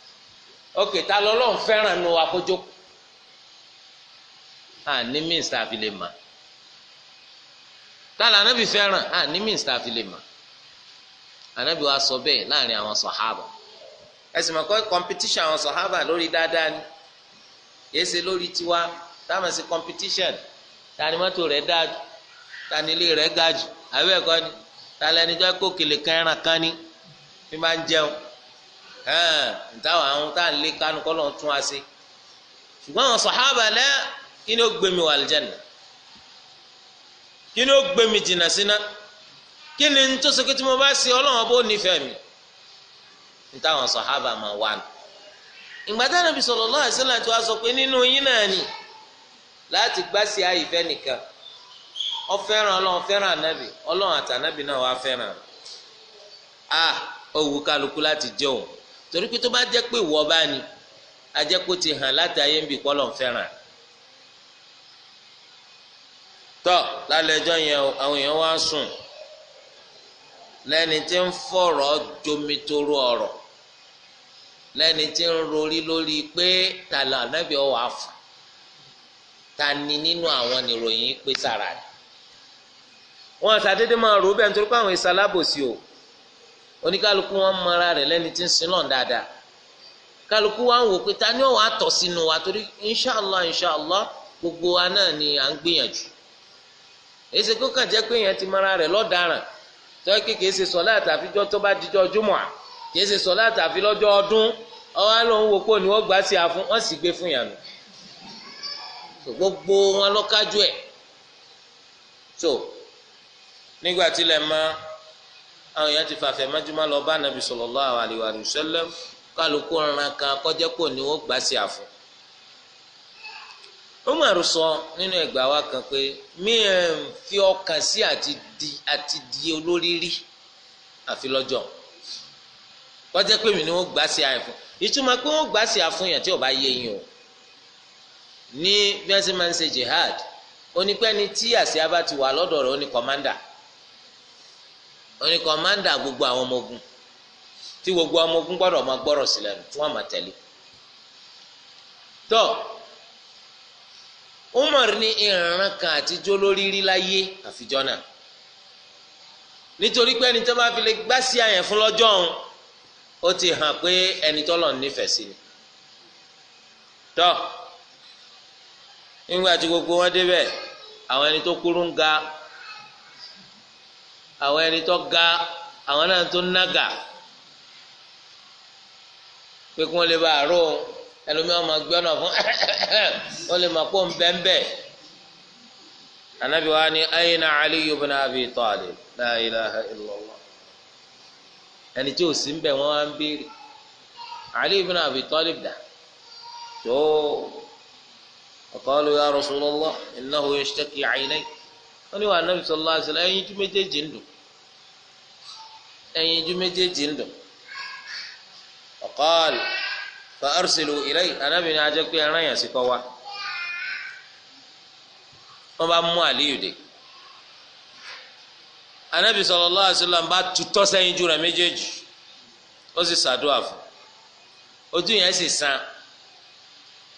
ok ta lọ́lọ́run fẹ́ràn nu akójó à ní mínísítà fi lè mà ta lànà bí fẹ́ràn à ní mínísítà fi lè mà ànábì wa sọ bẹ́ẹ̀ láàrin àwọn sọ̀hábà ẹ̀sìn mọ̀ kọ́ kọ́mpítíṣàn àwọn sọ̀hábà lórí dáadáa ni yéé lórí tiwa táwọn ṣe tani mọ́tò rẹ̀ dáa tani ilé rẹ̀ ga jù àbẹ́ẹ̀kọ́ ni tani ẹni tó kó kele kẹran kan ni fi máa ń jẹun ntàwọn àwọn tá à ń lé kánú kọ́ lọ́n tún wá sí ṣùgbọ́n àwọn sàhábà lẹ́ kí ni ó gbé mi wà àlùjánnà kí ni ó gbé jìnnà síná kí ni n tó so kí tí mo bá ṣe ọlọ́wọ́n bó nífẹ̀ẹ́ mi ntàwọn sàhábà máa wà nù ìgbàdá nàbì sallallahu alaihi wasallam tí wàá sọ pé nínú yín náà ni láti gbàsí àyífẹ́ nìkan ó fẹ́ràn ọlọ́run fẹ́ràn ànábì ọlọ́run àtànábì náà wàá fẹ́ràn a ah, ó kálukú láti jẹ́ torí pé tó bá jẹ́ pé wọ́ bá ní ajẹ́pọ̀ ti hàn láti ayé ń bì kọ́lọ̀ ń fẹ́ràn. tọ́ lálẹ́ ẹjọ́ yẹn àwọn èèyàn wá sùn lẹ́ni tí ń fọ̀rọ̀ jomitoro ọ̀rọ̀ lẹ́ni tí ń rorí lórí pé tàlà ànábì ọ̀wà fún ta ni nínú àwọn nìròyìn pé sára rẹ̀ wọ́n ṣàdédé máa rò bẹ́ẹ̀ nítorí pé àwọn ìsalábòsí o oníkálukú wọn mọra rẹ̀ lẹ́ni tí ń sin lọ́n dáadáa kálukú wa ń wò pé ta ni ó wá tọ́ sínú wa torí inṣàlá inṣàlá gbogbo wa náà ni à ń gbìyànjú èsì kó kàn jẹ́ pé èèyàn ti mọra rẹ̀ lọ́daràn tó kí kìí ṣe sọlá àtàfijọ́ tó bá dijọ́ júmọ̀ kìí ṣe sọlá àtàfi lọ́jọ́ ọdún ọwọ́ lòun wò pé òní wọ́n gbà sí àfún wọ́n sì gbé fún yàrá gbogbo wọn lọ́kájú ẹ̀ so nígbà tí lè máa àwọn èèyàn ti fàfẹ́ mẹ́júmọ́ lọ bá nàbì sallallahu alaihi wa sallam kálukú ọ̀ràn kan kọjá pò ní wọ́n gbà sí àfọ̀. Umar sọ nínú ẹgbàá wa kan pé mi ẹ̀ ń fi ọkàn sí àti di àti di olórí rí àfi lọ́jọ́ kọjá pé mi ni wọ́n gbà sí àfọ̀ ìtumọ̀ pé wọ́n gbà sí àfọ̀ yẹn tí ò bá yé yín o ní bí wọ́n ti máa ń ṣe jihad onípẹ́ni tí àsíá bá ti wà lọ́dọ̀ rẹ̀ ó ní kọ́mándà oní kọmáńdà gbogbo àwọn ọmọ ogun tí gbogbo ọmọ ogun gbọ́dọ̀ máa gbọ́rọ̀ sí lẹ́nu tí wọ́n máa tẹ̀lé tó Umar ní ìran kan àtijọ́ lórí rí láyé àfijọ́ náà nítorí pé ẹni tó bá fi lè gbá sí àyàn fún lọ́jọ́ ọ̀hún ó ti hàn pé ẹni tó lọ́n nífẹ̀ẹ́ sí ni tó nígbà tí gbogbo wọn débẹ̀ àwọn ẹni tó kúrú ń ga àwọn ẹni tó ga àwọn náà tó nága pé kí wọ́n lè bá àárò ẹlòmíràn máa gbé ọ̀nà fún wọ́n lè máa pọ̀ ń bẹ́ńbẹ́ anabi wa ni ayina ali ibn abi talib la ilaha illallah ẹni tí ò sí ń bẹ wọ́n wá ń béèrè ali ibn abi talib dà tó ọkọọlù ya rasulallah innahu yashtaki àyìnlẹ́yìn wọ́n ní wà anabi sallallahu alaihi wasallam tí méjèèjì ń dùn. ẹyinjú méjèèjì ń dùn fa arsilu anabi anábìnrin ajẹ́ pé ẹran yẹn sì kọ́ wa wọ́n bá mú àlíyù dé anábì sallallahu alaihi wasallam bá tutọ́ sẹ́yinjú rẹ̀ méjèèjì ó sì ṣàdúrà fún ojú yẹn sì san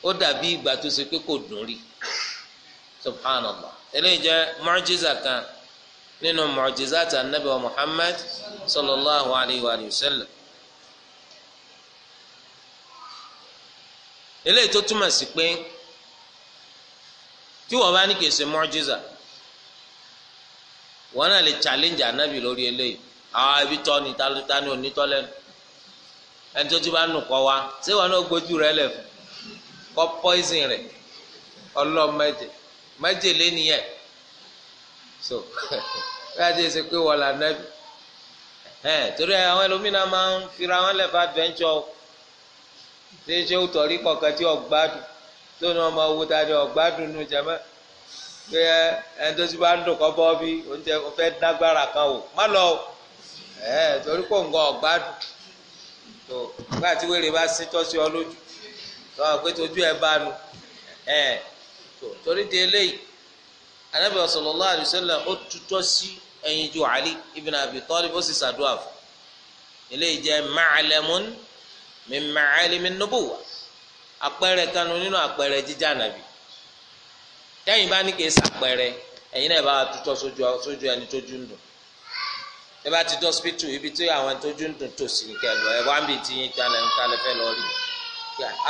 ó dàbí ìgbà tó ṣe pé kò dùn rí subhanallah eléyìí kan. Ninu mu'jizata anabi wa muhammad sallallahu alayhi wa sallam. eléyìí tó túmọ̀ sí pé tí wọ́n bá ní kì í ṣe wọ́n náà lè challenge anabi lórí eléyìí àwọn ibi tọ́ ni ta ni onítọ́ lẹ́nu ẹni tó ti bá nù kọ́ wa ṣé wọn náà gbójú rẹ kọ́ poison rẹ̀ ọlọ́ọ̀ so bẹ́ẹ̀ ti ṣe pé wọ́n là nẹ́bí torí àwọn ẹlòmínà máa ń fira wọn lẹ́fà adventure ṣe ṣe ó tọ̀rí kọ̀ọ̀kan tí ọ̀gbádùn tó ní ọmọ owó ta ni ọ̀gbádùn nù jẹ́mẹ́ pé ẹni tó ti bá ń dùn kọ́ bọ́ bí oúnjẹ o fẹ́ dágbára kan o má lọ o anabi sallallahu alayhi wa sallam ó tutọ́ sí ẹyin ju ali ibn abi talib ó sì ṣàdúrà fún eléyìí jẹ́ ma'lamun min ma'alimin nubuwa àpẹẹrẹ kanu nínú àpẹẹrẹ jíjá nàbì tẹ́yìn bá ní kì í ṣàpẹẹrẹ ẹ̀yin náà bá tutọ́ sójú ẹni tójú ń dùn ẹ bá ti dọ́sípítù ibi tí àwọn tójú ń dùn tòsí ní kẹlọ ẹ wá ń bì tí yín kalẹ̀ ń kalẹ̀ fẹ́ lọ rí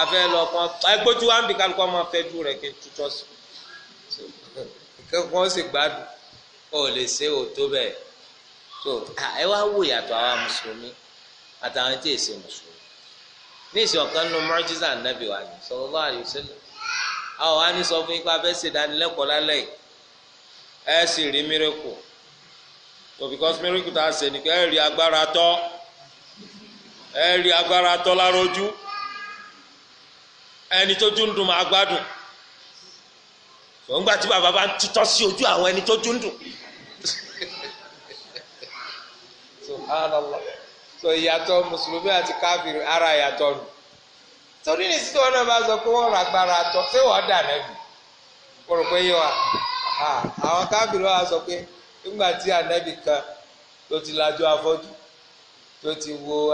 afẹ́ lọ kọ́ ẹgbójú wá ń kálukọ́ máa fẹ́ ju rẹ̀ kí tutọ́ sí wọ́n sì gbádùn ó lè ṣe bẹ́ẹ̀ so ẹ wá wò yàtọ̀ àwa mùsùlùmí àtàwọn tí èsì mùsùlùmí ní ìsìn ọ̀kan nínú mọ́jísà nàbì wà ní sọ fún yín pé ṣe ìdánilẹ́kọ̀ọ́ lálẹ́ yìí ẹ so because mírèkù tá a ṣe ni ẹ rí agbára tọ́ ẹ rí agbára tọ́ nígbà tí bàbá bá ń tutọ́ sí ojú àwọn ẹni tó so ìyàtọ̀ mùsùlùmí àti ara ìyàtọ̀ nù torí ní sísè wọn náà bá sọ pé wọn rà tọ ṣé wọn dà wa àwọn wa sọ pé nígbà tí ànẹbi kan tó ti tó ti wo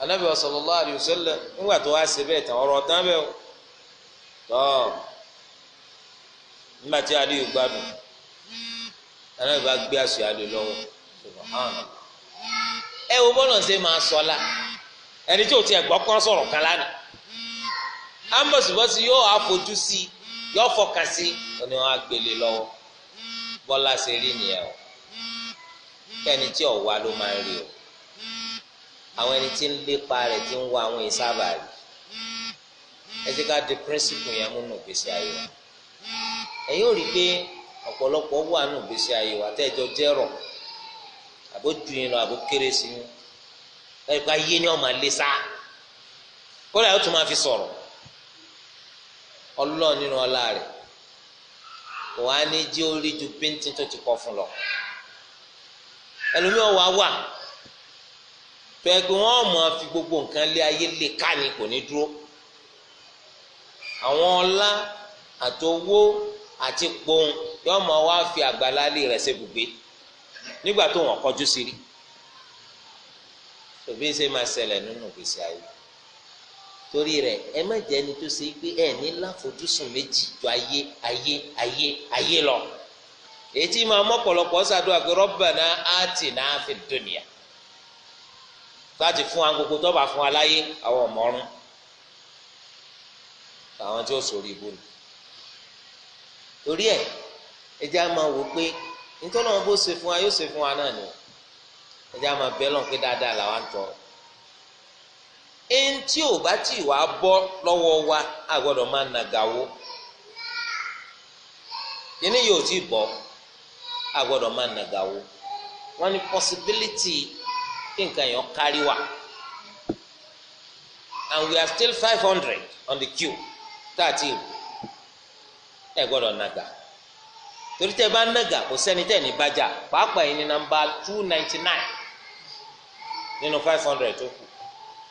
anabi sallallahu alayhi wa sallam ńgbà tó wá ṣe bẹ́ẹ̀ tán ọ̀rọ̀ tán bẹ́ẹ̀ o tọ́ nígbà tí aliyu gbádùn anabi bá gbé àṣù aliyu lọ́wọ́ subhanallah ẹ wo bọ́lọ̀ ṣe máa sọ la ẹni tí o ti ẹ̀gbọ́ kan sọ̀rọ̀ kan lánàá ambọ̀sibọ́sí yóò àfojú sí yóò fọkàn sí oní wọn àgbélé lọ́wọ́ bọ́lá ṣe rí nìyẹn o kẹ́ni tí ò ló máa ń rí o. àwọn ẹni tí ń lépa rẹ̀ tí ń wá àwọn ìsábà ẹ ti di píríncípù yẹn nù ìgbésí ayé wa ẹ̀yin ò rí pé ọ̀pọ̀lọpọ̀ wà nù ayé wa tẹ́jọ́ jẹ́rọ̀ àbó ju yín lọ àbó kéré sí ni fi sọ̀rọ̀ ọlọ́ọ̀ nínú ọlá wàá ní jí ju péńtì tó ti kọ́ fún wà. pẹ̀lú wọn máa fi gbogbo nǹkan lé ayé lè ká ni kò ní dúró àwọn ọlá àtowó àti pohùn yóò máa wá fi àgbàlá lè rẹ̀ ṣe bùgbé nígbà tó wọn kọjú sí rí tòbí ṣe máa ṣẹlẹ̀ nínú ìgbésí ayé torí rẹ̀ ẹ má jẹ́ ẹni tó ṣe pé ẹ ní láfojúsùn méjì ju ayé ayé ayé ayé lọ èyí tí máa mọ́ ṣàdúrà pé Rabbana atina fid dunya láti fún wa gbogbo tó bá fún wa láyé àwọn ọmọọrùn àwọn tí ó sòrí ibú ni torí ẹ ẹjẹ á máa wò pé nítorí wọn bó ṣe fún wa yóò ṣe fún wa náà ni ẹjẹ á máa bẹ lọ́n pé dáadáa làwa ń ẹni tí ò bá tì wá bọ́ lọ́wọ́ wa a máa nàgàwó yẹn yóò ti bọ́ a máa nàgàwó wọn ni possibility. kí nǹkan yẹn kárí wa and we are still five hundred on the queue thirteen ẹ gbọ́dọ̀ nàgà torí tẹ bá nàgà kò sẹ́ni tẹ ní bàjá pàápàá yìí ní nàmbà two ninety nine nínú five hundred tó kù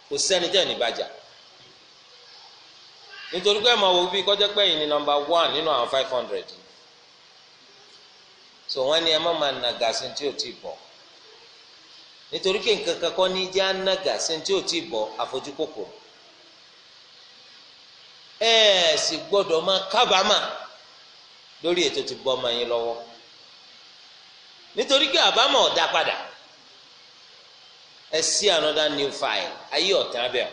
kò sẹ́ni tẹ ní bàjá nítorí pé ẹ máa kọjá pé yìí ní nàmbà one nínú àwọn five hundred so wọ́n ní ẹ má ma nàgà sí tí ò tí bọ̀ nítorí pé nǹkan kan kọ́ ní jẹ́ ànágà sẹ́ńtì ò tí ì bọ̀ àfojúkòkò ẹ ẹ sì gbọ́dọ̀ máa kábàámà lórí ètò ti bọ́ ọmọ yín lọ́wọ́ nítorí pé àbámọ̀ ọ̀dà padà ẹ sí another new file ayé ọ̀tá bẹ́ẹ̀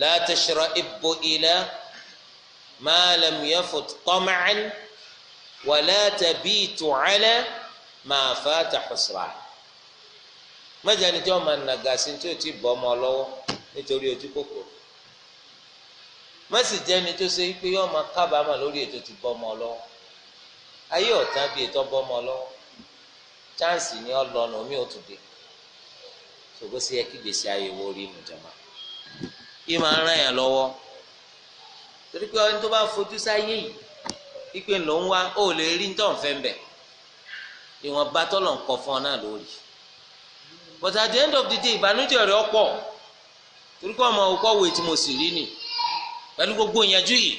la tashra'ib ila ma lam yafut tam'an wa la tabitu ala ma fata husran. mẹjọ ni tí wọn máa nàgà sí ti bọ ọmọ lọwọ nítorí ojú kòkòrò mẹsì jẹ ni tó ṣe pé yọọ máa kábàámà lórí ètò ti bọ ọmọ lọ́wọ́ ayé ọ̀tán bíi ètò bọ ọmọ lọ́wọ́ chance ni ọlọ́nà omi ò dé ṣògbó sí ẹkí gbèsè àyẹ̀wò orí ìmùjọba yìí máa ràn yàn torí pé tó bá fojú sáyé yìí ńlọ ń wá ó lè rí ní ń but at the end of the day ìbànújẹ́ rẹ̀ ọ̀pọ̀ torí kọ́ ọmọ òkú ọ̀wé tí mo sì rí ni pẹ̀lú gbogbo ìyànjú yìí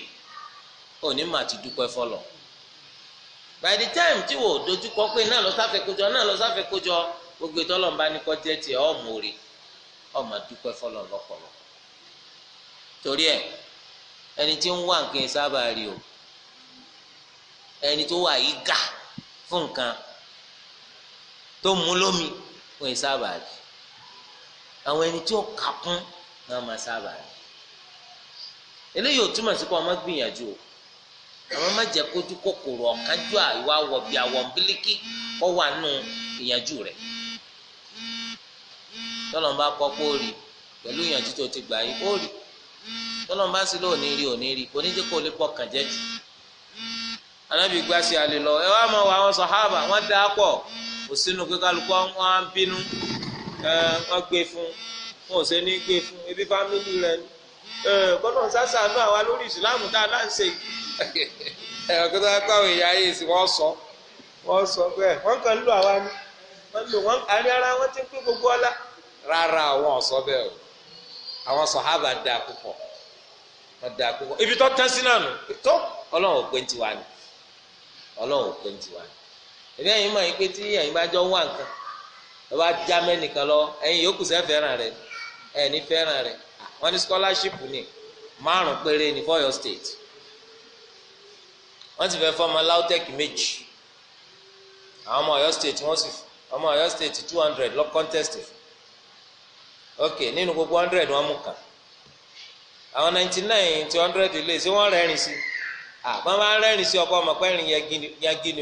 ò ní mà ti dúpẹ́ fọlọ̀ by the time tí wò dojúkọ pé náà lọ sáfẹ́ kójọ náà lọ sáfẹ́ kójọ gbogbo ìtọ́lọ́mba ní kọjá tiẹ̀ ọ̀ mórí ọ̀ mà dúpẹ́ fọlọ̀ lọ́pọ̀lọpọ̀ torí ẹ̀ ẹni tí ń wá nǹkan sábà rí o ẹni tó wà yí gà fún nǹkan tó mú lómi. wọn yìí sábà rí àwọn ẹni tí ó kà kún náà máa sábà rí eléyìí ò túmọ̀ sí pé ọmọ gbìyànjú o àwọn má jẹ́ kójú kòkòrò ọ̀kánjú àìwá wọ̀bì àwọ̀ bílíkì kọ́ wà nù ìyànjú rẹ̀ tọ́lọ̀ ń bá kọ́ pé ó rí pẹ̀lú ìyànjú tó ti gbà ó rí tọ́lọ̀ ń bá sí rí rí kò ní jẹ́ kó lè pọ̀ kàn jẹ́ jù kò sínú pé kálukú wọn á bínú wọn gbé fún wọn ò ṣe ní gbé fún ebi fámìlì rẹ ni gbọ́dọ̀ sásàánú àwa lórí ìsìláàmù tá a náà ń ṣe ẹ̀rọ kí wọ́n pa àwọn èèyàn ayé sí wọ́n sọ wọ́n sọ pé wọ́n kàn ń lo àwa ni wọ́n lò wọ́n àrí ara wọn ti ń pé gbogbo ọlá rárá àwọn ọ̀sọ́ bẹ́ẹ̀ o àwọn sọ̀hábà da púpọ̀ wọ́n da púpọ̀ ibi tó tán sí náà nù tó ọlọ́run ò pé ń tiwa ni ọlọ́run ò pé ń tiwa ni. ẹbí ẹ̀yin mọ̀ pé tí ẹ̀yin bá jọ wá nǹkan lọ́wọ́ ajá mẹ́nìkan lọ ẹ̀yin yòókù sẹ́ fẹ́ràn rẹ̀ ẹ̀ fẹ́ràn wọ́n ní scholarship ni márùn péré ní for state wọ́n ti fẹ́ fọ́mọ lautech méjì àwọn ọmọ state wọ́n sì ọmọ Ọ̀yọ́ state two hundred lọ contest ok nínú gbogbo hundred wọ́n mú kàn àwọn ninety nine two hundred lè ṣé wọ́n rẹ́rìn sí àbọ̀n máa ń sí ọkọ ọmọ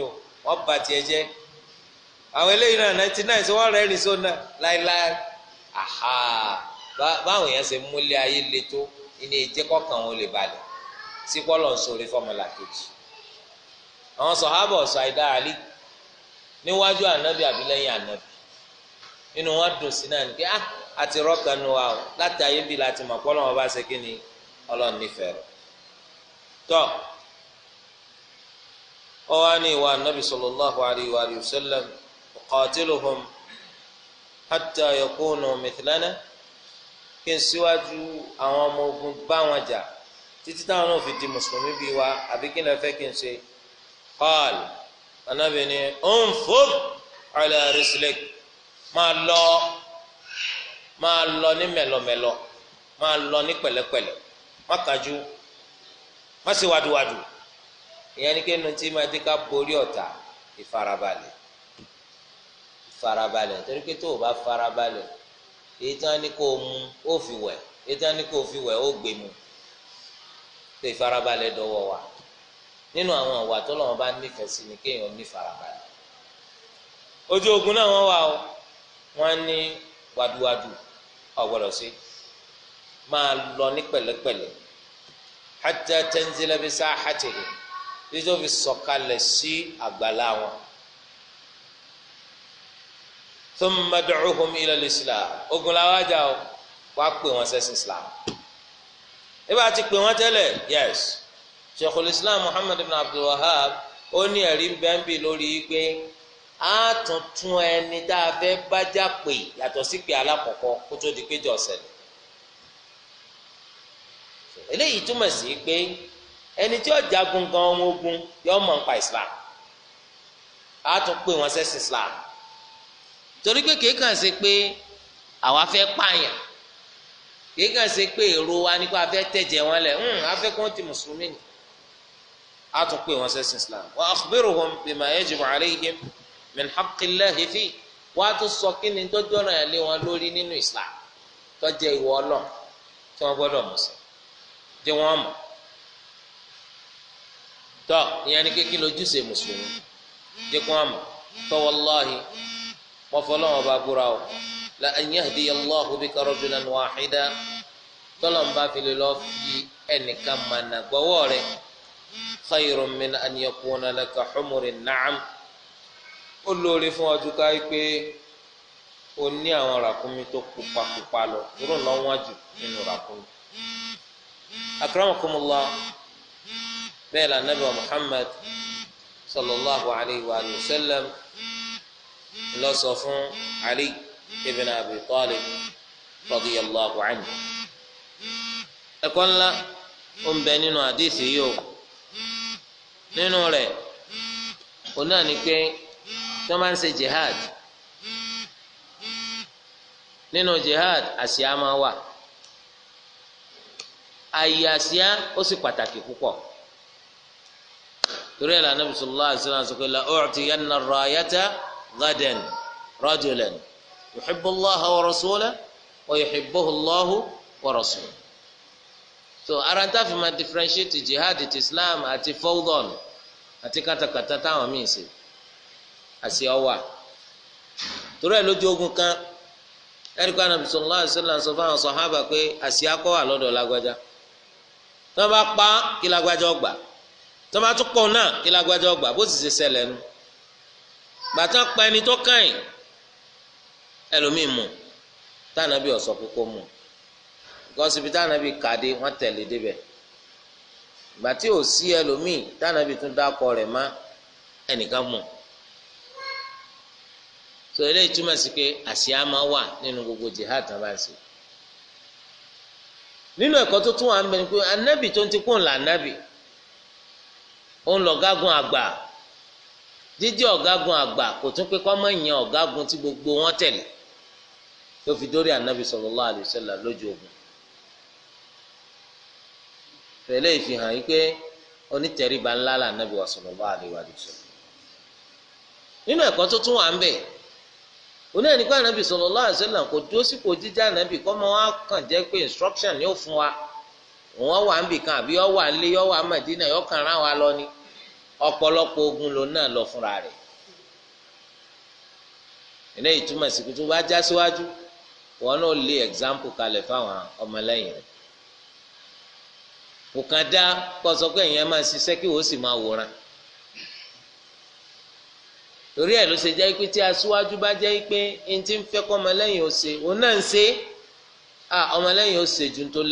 o. wọ́n ba tiẹ̀ jẹ́ àwọn eléyìí náà ninety nine sọ wọ́n rẹ́rìn sọ náà láéláé aha báwọn èèyàn ṣe múlé ayé le tó ìní ìjẹ́ kọ́kàn wọn lè balẹ̀ sí pọ́lọ̀ ń sọ̀rọ̀ fọmọlà kejì àwọn sọ̀hábà ọ̀sọ̀ àìdá àlí níwájú ànábì àbílẹ́yìn ànábì nínú wọn dùn sí náà nígbà ah àti rọ́kànnù wa láti ayé bí láti mọ̀ pọ́lọ̀ wọn bá ṣe kí ni ọlọ́run nífẹ̀ẹ́ rẹ̀ tọ́ ọwani wa anabi sallallahu alayhi wa sallam qatiluhum hatta yakunu mithlana kí n síwájú àwọn ọmọ ogun bá wọn jà títí táwọn náà fi di mùsùlùmí bíi wa àbí kí n lè fẹ́ kí n ṣe qal anabi ni unfud ala rislik máa lọ máa lọ ní mẹlọmẹlọ máa lọ ní pẹ̀lẹ́pẹ̀lẹ́ má kánjú má ṣe wàdùwàdù ìyẹn ni kéènù tí máa dé ká borí ọ̀tá ìfarabalẹ̀ ìfarabalẹ̀ torí pé tó o bá farabalẹ̀ èyí tí wọ́n ní kó o mu ó fi wẹ̀ èyí tí wọ́n ní kó o fi wẹ̀ ó gbé mu tó ìfarabalẹ̀ dọ̀wọ́ wa nínú àwọn àwà tó lọ́wọ́ bá nífẹ̀ẹ́ sí ni kéèyàn ní farabalẹ̀ ojú ogun náà wọ́n wà o wọ́n ní wàdùwàdù ọ̀gbọ́dọ̀ sí máa lọ ní pẹ̀lẹ́pẹ̀lẹ́ hatta tanzila bi sahatihi títí ó fi sọ̀kalẹ̀ sí àgbàlá wọn. thumma du'uhum ila al-islam ogun làwọn ajá o wàá pè wọn sẹ́sìn islam. ibà ti pè wọn tẹ́lẹ̀ yes sheikhul islam muhammad ibn abdul wahab ó ní ẹ̀rí bẹ́ńbì lórí pé a tún tún ẹni tá a fẹ́ bájà pè yàtọ̀ sí pé alákọ̀ọ́kọ́ kó tó di péjọ ọ̀sẹ̀ lọ. eléyìí túmọ̀ sí pé ẹni tí ó jagun gan ọmọ ogun yóò mọ̀ nípa islam á tún pè wọ́n sẹ́sìn islam torí pé kìí kàn ṣe pé àwa fẹ́ pààyàn kìí kàn ṣe pé èrò wa nípa afẹ́ tẹ̀jẹ̀ wọn lẹ̀ ń afẹ́ kó ti mùsùlùmí ni á tún pè wọ́n sẹ́sìn islam wa akhbiruhum bima yajibu alayhim min haqqillahi fi wàá tún sọ kí ni tó jọ̀rọ̀ lé wọn lórí nínú islam tó ìwọ ọlọ́ọ̀ tí wọ́n gbọ́dọ̀ mọ̀ sí jẹ́ wọ́n mọ̀ tọ ìyẹn ni kékin lójúṣe mùsùlùmí jẹkun àmọ́ fa wallahi wọn fọlọ wọn bá búra o la an yahdiya Allahu bika rajulan wahida tọlọmba fìlẹ lọ fi ẹnìkan mànà gbọwọ rẹ khayrun min an yakuna laka humurin na'am ó lóore fún ọdún ká pé o ní àwọn ràkúnmí tó pupapupa lọ irú náà wájú nínú ràkúnmí akramakumullah bẹ́ẹ̀ la nabi wa muhammad sallallahu alayhi wa sallam lọ sọ fún ali ibn abi talib radiyallahu anhu ẹ̀kọ́ ńlá ó ń bẹ nínú àdéhìí yìí o nínú rẹ̀ òun náà ni pé tí wọ́n máa ń ṣe jihad nínú jihad àsíá máa wà àyè àsíá ó sì pàtàkì púpọ̀ torí ẹ̀ lànà bisalòlá àṣírà sọ pé la ọ̀ọ́tì yẹn na ràyàtà gaden rajulan yuhibbulahu wa rasulahu wa yuhibbuhullahu wa rasuluhu. so ara ń tàfi máa differentiate jihad ti islam àti fowdon àti katakata táwọn míì ṣe àti ọwà torí ẹ̀ lójú ogun kan ẹ̀ríkọ́ ànábì sallallahu alaihi wasallam sọ fáwọn sọ̀hábà pé àṣìá kọ́ wà lọ́dọ̀ lágbájá tí wọ́n bá pa kí lágbájá ọgbà tọ́ba tún pọ̀ náà kí lágbájá ọgbà bó sì ṣe ṣẹlẹ̀ nu gbàtà pa ẹni tó kàn yín ẹlòmíì mọ̀ tànàbí ọ̀sọ́ kókó mọ̀ gọ́sibí tànàbí kàdé wọ́n tẹ̀lé débẹ̀ gbàtí ò sí ẹlòmíì tànàbí tún dákọ rẹ̀ má ẹnìkan mọ̀ so eléyìí túmọ̀ sí pé àsíá máa wà nínú gbogbo jihad tán bá ń ṣe nínú ẹ̀kọ́ tó tún wà ń bẹ ni pé anábì tó ń ti kún là nábì òun lọ̀gágun àgbà jíjẹ́ ọ̀gágun àgbà kò tún pé kọ́mọ yẹn ọ̀gágun tí gbogbo wọn tẹ̀lé tó fi dórí ànábì sallallahu alaihi wasallam lójú ogun tẹ̀lé ìfihàn yìí pé onítẹ̀ríba ńlá là ànábì wa sallallahu alaihi wasallam nínú ẹ̀kọ́ tó tún wà ń bẹ̀ oní ẹ̀nìkan ànábì sallallahu alaihi wasallam kò dúró sípò jíjẹ́ ànábì kọ́mọ wa kàn jẹ́ pé instruction ni ó fún wa. wọn wà ń bì àbí yọ wà nílé yọ wà mẹdínà yọ kàn rán wa lọ ni ọ̀pọ̀lọpọ̀ ogun ló náà lọ fúnra rẹ̀ ilé túmọ̀ bá já síwájú wọn náà lé example kalẹ̀ fáwọn ọmọlẹ́yìn kò kàn dá pé wòran torí ẹ̀ ló ṣe jẹ́ pé tí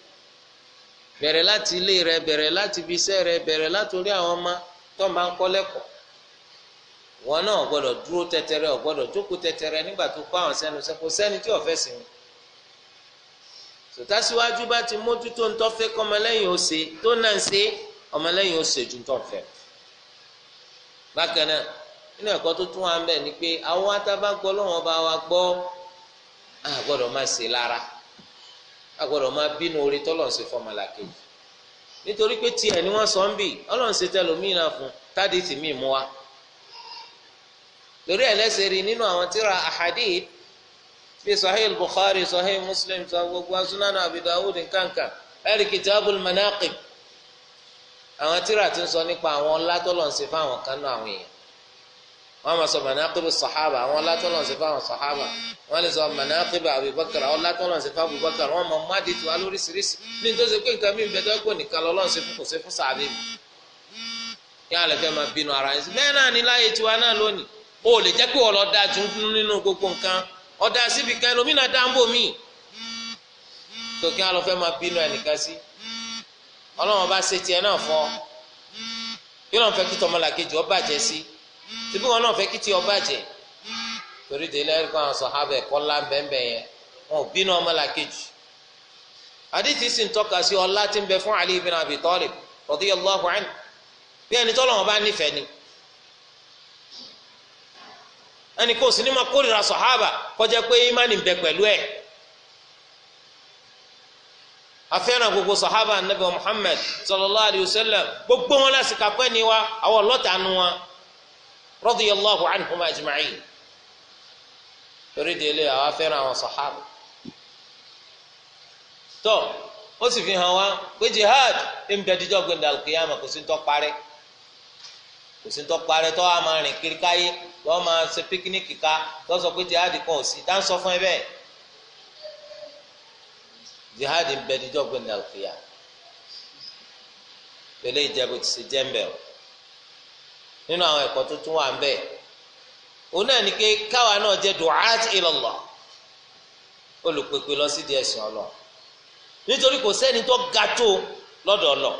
bẹ̀rẹ̀ láti ilé rẹ bẹ̀rẹ̀ láti ibi iṣẹ́ rẹ bẹ̀rẹ̀ láti orí àwọn ọmọ tó máa ń kọ́ lẹ́kọ̀ọ́ wọn náà gbọ́dọ̀ dúró tẹtẹrẹ ọ gbọ́dọ̀ jókòó tẹtẹrẹ nígbà tó kó àwọn sẹnu sẹkọ sẹni tí ọfẹ sí mi sòtásíwájú bá ti mójútó ń tọ́fẹ́ kọ́mọlẹ́yìn ó ṣe tó náà ń ṣe ọmọlẹ́yìn ó ṣe ju tọ́fẹ́ bákan náà nínú ẹ̀kọ́ tó tún wà ń bẹ̀ ni pé àwọn atábá lọ́wọ́ bá wa gbọ́ a máa ṣe lára agbọ́dọ̀ máa bínú orí tọ́lọ́nsì fọmọlá kejì nítorí pé tiẹ̀ ni wọ́n sọ ń bì ọlọ́nsì tẹlómìnira fún tádìtì míì mú wa lórí ẹlẹ́sẹ̀ rí nínú àwọn tíra ahadith bíi sahih bukhari sahih muslim sọ gbogbo asunan abi dawud nkankan ẹ̀rí kitabul manaqib àwọn tíra ti ń sọ nípa àwọn ọlá tọ́lọ́nsì fáwọn kan náà àwọn èèyàn wọ́n máa sọ manaqibu sahaba àwọn ọlátọ́lọ́n sí fáwọn sahaba wọ́n lè sọ manaqibu abubakar àwọn ọlátọ́lọ́n sí fáwọn abubakar wọ́n máa mú àdìtú wa lóríṣiríṣi ní nítorí pé nǹkan mi bẹ́tọ́ kò nìkan lọ́lọ́n sí fún kò sí fún sàbẹ̀ mi. kí wọ́n lè fẹ́ máa bínú ara yẹn sí bẹ́ẹ̀ náà ní láyé tiwa náà lónìí o lè jẹ́ pé ọ̀lọ́ da tún nínú gbogbo nǹkan ọ̀dà síbi kan lómìnà dáńbò míì tó kí wọ́n lọ fẹ́ bínú ẹnìkan sí ọlọ́wọ́n bá ṣe tiẹ̀ náà fọ́ yóò lọ́n fẹ́ kí tọmọlàkejì ọ bàjẹ́ sí. Si síbí wọn náà fẹ́ kí tí ọba jẹ torí délé ẹ̀rí kan sọ ha bẹ́ẹ̀ kọ́lá bẹ́ẹ̀ yẹn wọn ò bínú ọmọ làkejì àdìtì sì ń tọ́ka sí ọlá tí ń bẹ fún Ali ibn Abi Talib radiyallahu anhu bí ẹni tọ́lọ̀ wọn bá nífẹ̀ẹ́ ni ẹni kò sí ní ma kórìíra sọ̀hábà kọjá pé imáni bẹ pẹ̀lú ẹ̀ afẹ́ràn gbogbo sọ̀hábà anabi Muhammad sallallahu alayhi wa gbogbo wọn lásìkò apẹ́ni wa àwọn ọlọ́tàánu wọn. رضي الله ajma'in torí délé àwa fẹ́ràn àwọn sàhábà tó ó sì fi hàn wá pé jihad ń bẹ díjọ́ gbẹ̀ndà al-qiyamah kò sí ń tọ́ parẹ́ kò sí ń tọ́ parẹ́ tó a máa rìn kiri káyé lọ́ọ́ máa ṣe píkíníkì ká tó sọ pé jihad kan ò sí tá ń sọ fún ẹ bẹ́ẹ̀ jihad ń bẹ díjọ́ gbẹ̀ndà al-qiyamah ti ṣe jẹ́ nínú àwọn ẹ̀kọ́ tó tún wà ń bẹ òun náà ni pé káwa náà jẹ́ du'at ilallah olùpèpè lọ sí di ẹ̀sìn ọlọ nítorí kò sẹ́ni tó ga tó lọ́dọ̀ ọlọ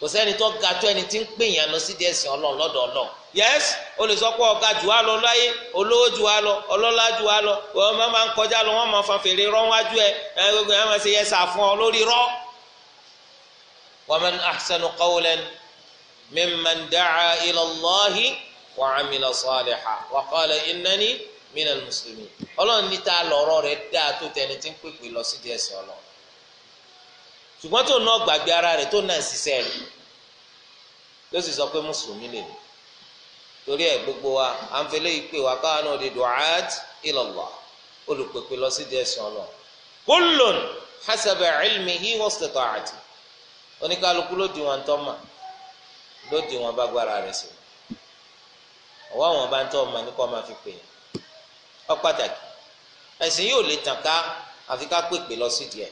kò sẹ́ni tó ga tó ẹni tí ń pè yàn lọ sí di ẹ̀sìn ọlọ lọ́dọ̀ ọlọ yes o lè sọ pé lọ láyé olówó jù wá lọ ọlọ́lá jù wá lọ wọ́n máa ń kọjá lọ wọ́n máa fa fèrè rọ́ wájú ẹ ẹ gbogbo ẹ máa ṣe yẹsà fún ọ lórí rọ́ wa man ahsanu qawlan. ممن دعا إلى الله وعمل amila وقال إنني من المسلمين. minal muslimin ọlọ́run níta lọ́rọ̀ rẹ̀ dáa tó tẹni tí ń pèpè lọ sí díẹ̀ sí ọlọ́run ṣùgbọ́n tó náà gbàgbé ara rẹ̀ tó náà ṣiṣẹ́ rẹ̀ ló sì sọ pé mùsùlùmí lè ní torí ẹ̀ gbogbo wa à ń fẹlẹ́ ìpè wá káwa náà di du'at ila olùpèpè lọ sí díẹ̀ sí ọlọ́run kullun hasaba ilmihi wa istita'ati oníkálukú ló di wọn tọ́ mọ́ lóde wọn bá gbára rẹ̀ sọ ọwọ́ àwọn bá ń tọ́ ọmọ ní kọ́ máa fi pè é ọ pàtàkì ẹ̀sìn yóò lè tàn ká àfi ká pèpè lọ sí díẹ̀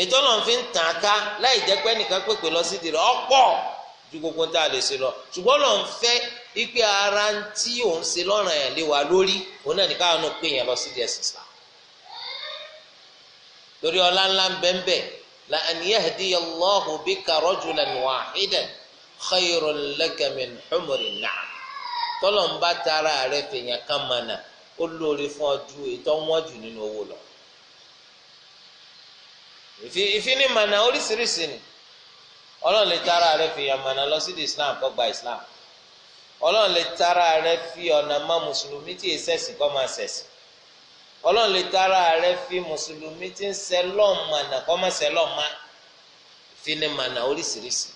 ètò ọlọ́run fi ń tàn ká láì jẹ́ pé nìkan pèpè lọ sí díẹ̀ ọ̀pọ̀ ju gbogbo tá a lè ṣe lọ ṣùgbọ́n ọlọ́run fẹ́ ipe ara tí òun ṣe lọ́ràn yẹn lé wa lórí òun náà nìkan àwọn pè yẹn lọ sí díẹ̀ sísá lórí ọlá ńlá ń bẹ́ẹ̀ bẹ́ẹ̀ لأن يهدي الله بك رجلا واحدا خير لك من حمر النعم na'am tọ́lọ̀ ń bá tara rẹ fèèyàn kan mọ̀nà ó lóore fún ọ ju ètò wọn jù nínú owó lọ. ìfinimọ̀nà oríṣiríṣi ni ọlọ́run lè tara rẹ fèèyàn mọ̀nà lọ sí di islam kó gba islam ọlọ́run lè tara rẹ fi ọ̀nà mọ́ mùsùlùmí tí èsẹ̀sìn kó máa ṣẹ̀sìn ọlọ́run lè tara rẹ fi mùsùlùmí tí ń sẹlọ́ọ̀ mànà kọ́ má sẹlọ́ọ̀ fi ni mànà oríṣiríṣi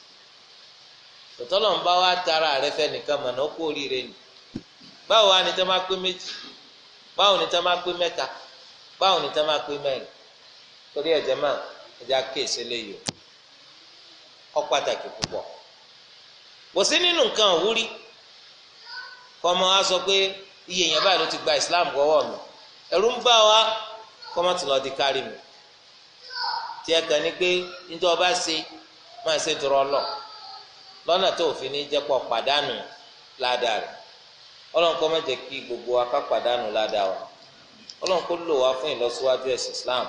tọ́tọ́lọ̀ ń bá wa tara rẹ fẹ́ nìkan mànà ó kú oríire nì báwo wá ni tá máa pé méjì báwo ni tá máa pé mẹ́ta báwo ni tá máa pé mẹ́rin torí ẹ̀jẹ̀ máa ẹ̀jẹ̀ pàtàkì púpọ̀ kò nínú nǹkan òwúrí wa sọ pé iye ẹ̀rù ń bà wá kọ́mọ̀tì lọ́ọ́ di kárí mi kàn ní pé ọba ṣe máa ṣe dúró lọ lọ́nà tó òfin ní pàdánù ládàá rẹ̀ gbogbo aka pàdánù ládàá wa ọlọ́run kó lò wá fún ìlọsíwájú ẹ̀sìn Islam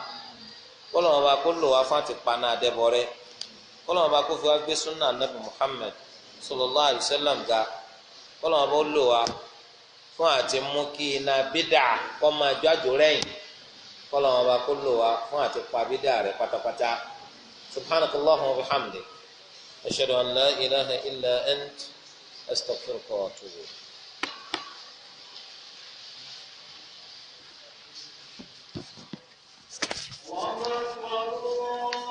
kọ́lọ́run ọba kó lò wá fún àti paná ọba kó fi wá gbé súnà nàbì Muhammad ga kọ́lọ́run ọba ó lò fún àti mú kí iná bídà kọ́ máa jó àjò rẹ̀yìn kọ́lọ̀ wọn bá kó lò wá fún àti pa bídà rẹ̀ pátápátá subhanakallahu wa bihamdik ashhadu an la ilaha illa ant astaghfiruka wa atubu ilayk. الله أكبر